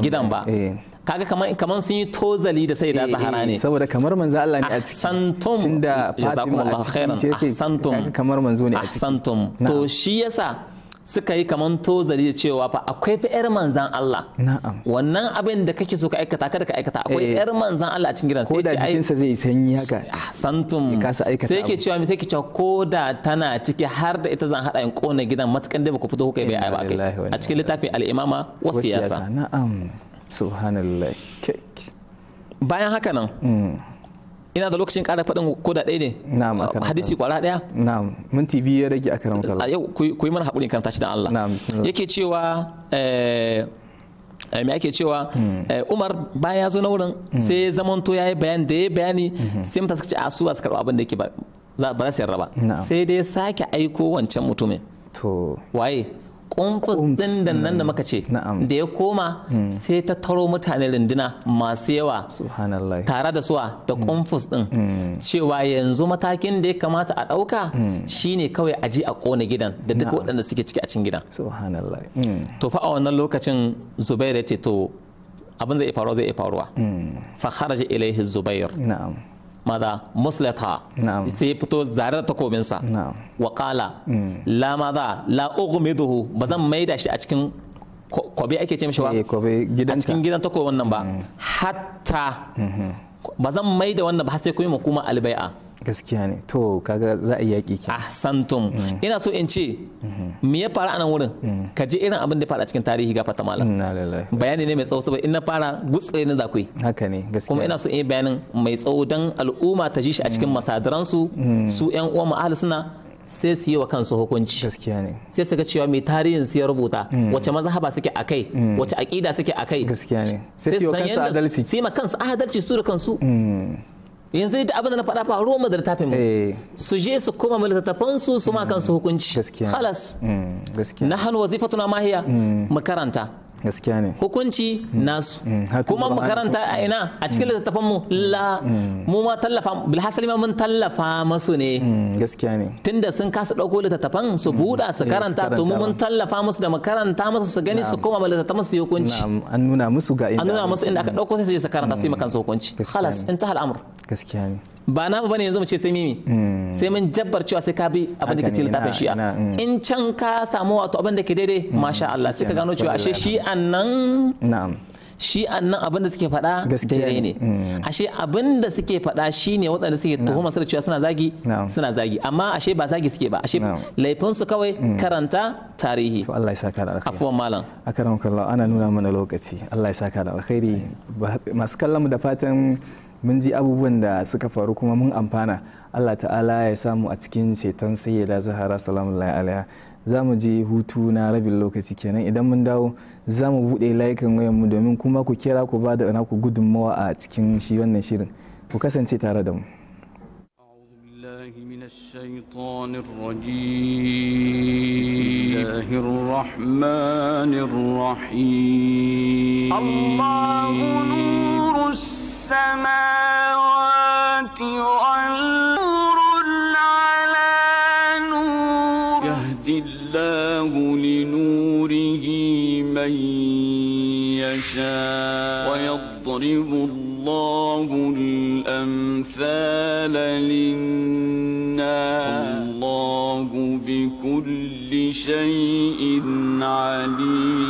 gidan ba kaga kaman kaman sun yi tozali da sai da eh, eh, zahara ne saboda kamar manzo Allah ne a ciki santum tunda jazakumullahu khairan santum kamar manzo ne a ciki santum to shi yasa suka yi kaman tozali da cewa fa akwai fi yar manzan Allah wannan abin da kake so ka aikata kada ka aikata akwai yar eh. manzan Allah a cikin gidan sai ce ai sa zai sanyi haka santum sai ke cewa mi sai ke cewa koda tana ciki har da ita zan hada in kona gidan matukan da ku fito kai bai ai ba kai a cikin littafin al-imama wasiyasa na'am subhanallah bayan haka nan hmm. ina da lokacin ƙara faɗin ko da ɗaya ne na'am hadisi kwara ɗaya na'am minti biyu ya rage a karan kallon yau ku yi mana haƙuri kan tashi da Allah na'am bismillah yake cewa eh, eh me yake cewa hmm. eh, Umar bayan ya zo na wurin hmm. sai ya zamanto ya yi bayani da ya bayani sai mutane suka ce a su su karɓi abin da yake ba za ba za su yarda ba sai dai sake aiko wancan mutumin to waye kumfus din da nan da mm. muka ce da ya koma mm. sai ta taro mutane runduna masu yawa tare da suwa da mm. kumfus din cewa yanzu matakin da ya kamata a ɗauka shine kawai a a kona gidan da duk waɗanda suke ciki a cikin gidan to fa a wannan lokacin zubair ya ce to abin zai faruwa zai faruwa fa kharaja ilaihi zubair maza muslata sai fito zare da takobinsa wa kala la maza la ughmiduhu ba zan maida shi a cikin kwabe ake ce mishi ba a cikin gidan takobin nan ba hatta ba zan maida wannan ba sai kuma albai'a gaskiya ne to kaga za a yi yaƙi ke Santum. Mm. ina so in ce mm-hmm. me ya fara a nan wurin mm. ka je irin abin da fara cikin tarihi ga fata malam bayani ne mai tsawo saboda in na fara gutsure na zakwai haka ne gaskiya kuma ina so in yi bayanin mai tsawo dan al'umma ta ji shi a cikin mm. masadaransu su yan uwa mu ahli suna sai su yi wa kansu hukunci gaskiya ne sai su ga cewa mai tarihin su ya rubuta wace mazhaba suke a kai wace aƙida suke a kai gaskiya ne sai su yi wa adalci. Sai ma kansu adalci su da kansu yanzu ita abin da na faɗa fa ruwan mu da littafin mu eh. su je su koma mu littafan su su ma kansu hukunci khalas mm, nahnu wazifatuna na mahiya mm. mu karanta gaskiya ne hukunci hmm. nasu hmm. kuma mu karanta a ina a cikin hmm. littattafan mu la mu ma tallafa bilhassali ma mun tallafa masu ne gaskiya ne tunda sun kasa dauko littattafan su buda eh, su karanta to mu mun tallafa musu da mu karanta musu su gani su koma littattafan su hukunci an nuna musu ga inda an nuna musu inda aka dauko sai su karanta su yi makansu hukunci khalas intahal amr gaskiya ne ba namu bane yanzu mu ce sai mimi hmm. sai mun jabbar cewa sai ka bi abin da kace littafin shi'a hmm. in can ka samu wato abin da ke daidai hmm. masha Allah sai ka gano cewa ashe shi nan na'am shi'an nan abin da suke faɗa daidai ne ashe abin da suke faɗa shine waɗanda suke tuhuma su da cewa suna zagi suna zagi amma ashe ba zagi suke ba ashe laifin su kawai karanta tarihi to Allah ya saka da alkhairi afwan malam akramukallah ana nuna mana lokaci Allah ya saka da alkhairi masu kallon mu da fatan mun ji abubuwan da suka faru kuma mun amfana allah ta'ala ya samu a cikin ceton sayyada zahara salamun alaiha za mu je hutu na rabin lokaci kenan idan mun dawo za mu buɗe layukan wayan mu domin kuma ku kira ku ba da ku gudunmawa a cikin shi wannan shirin ku kasance tare da mu السماوات والنور على نور يهدي الله لنوره من يشاء ويضرب الله الأمثال للناس الله بكل شيء عليم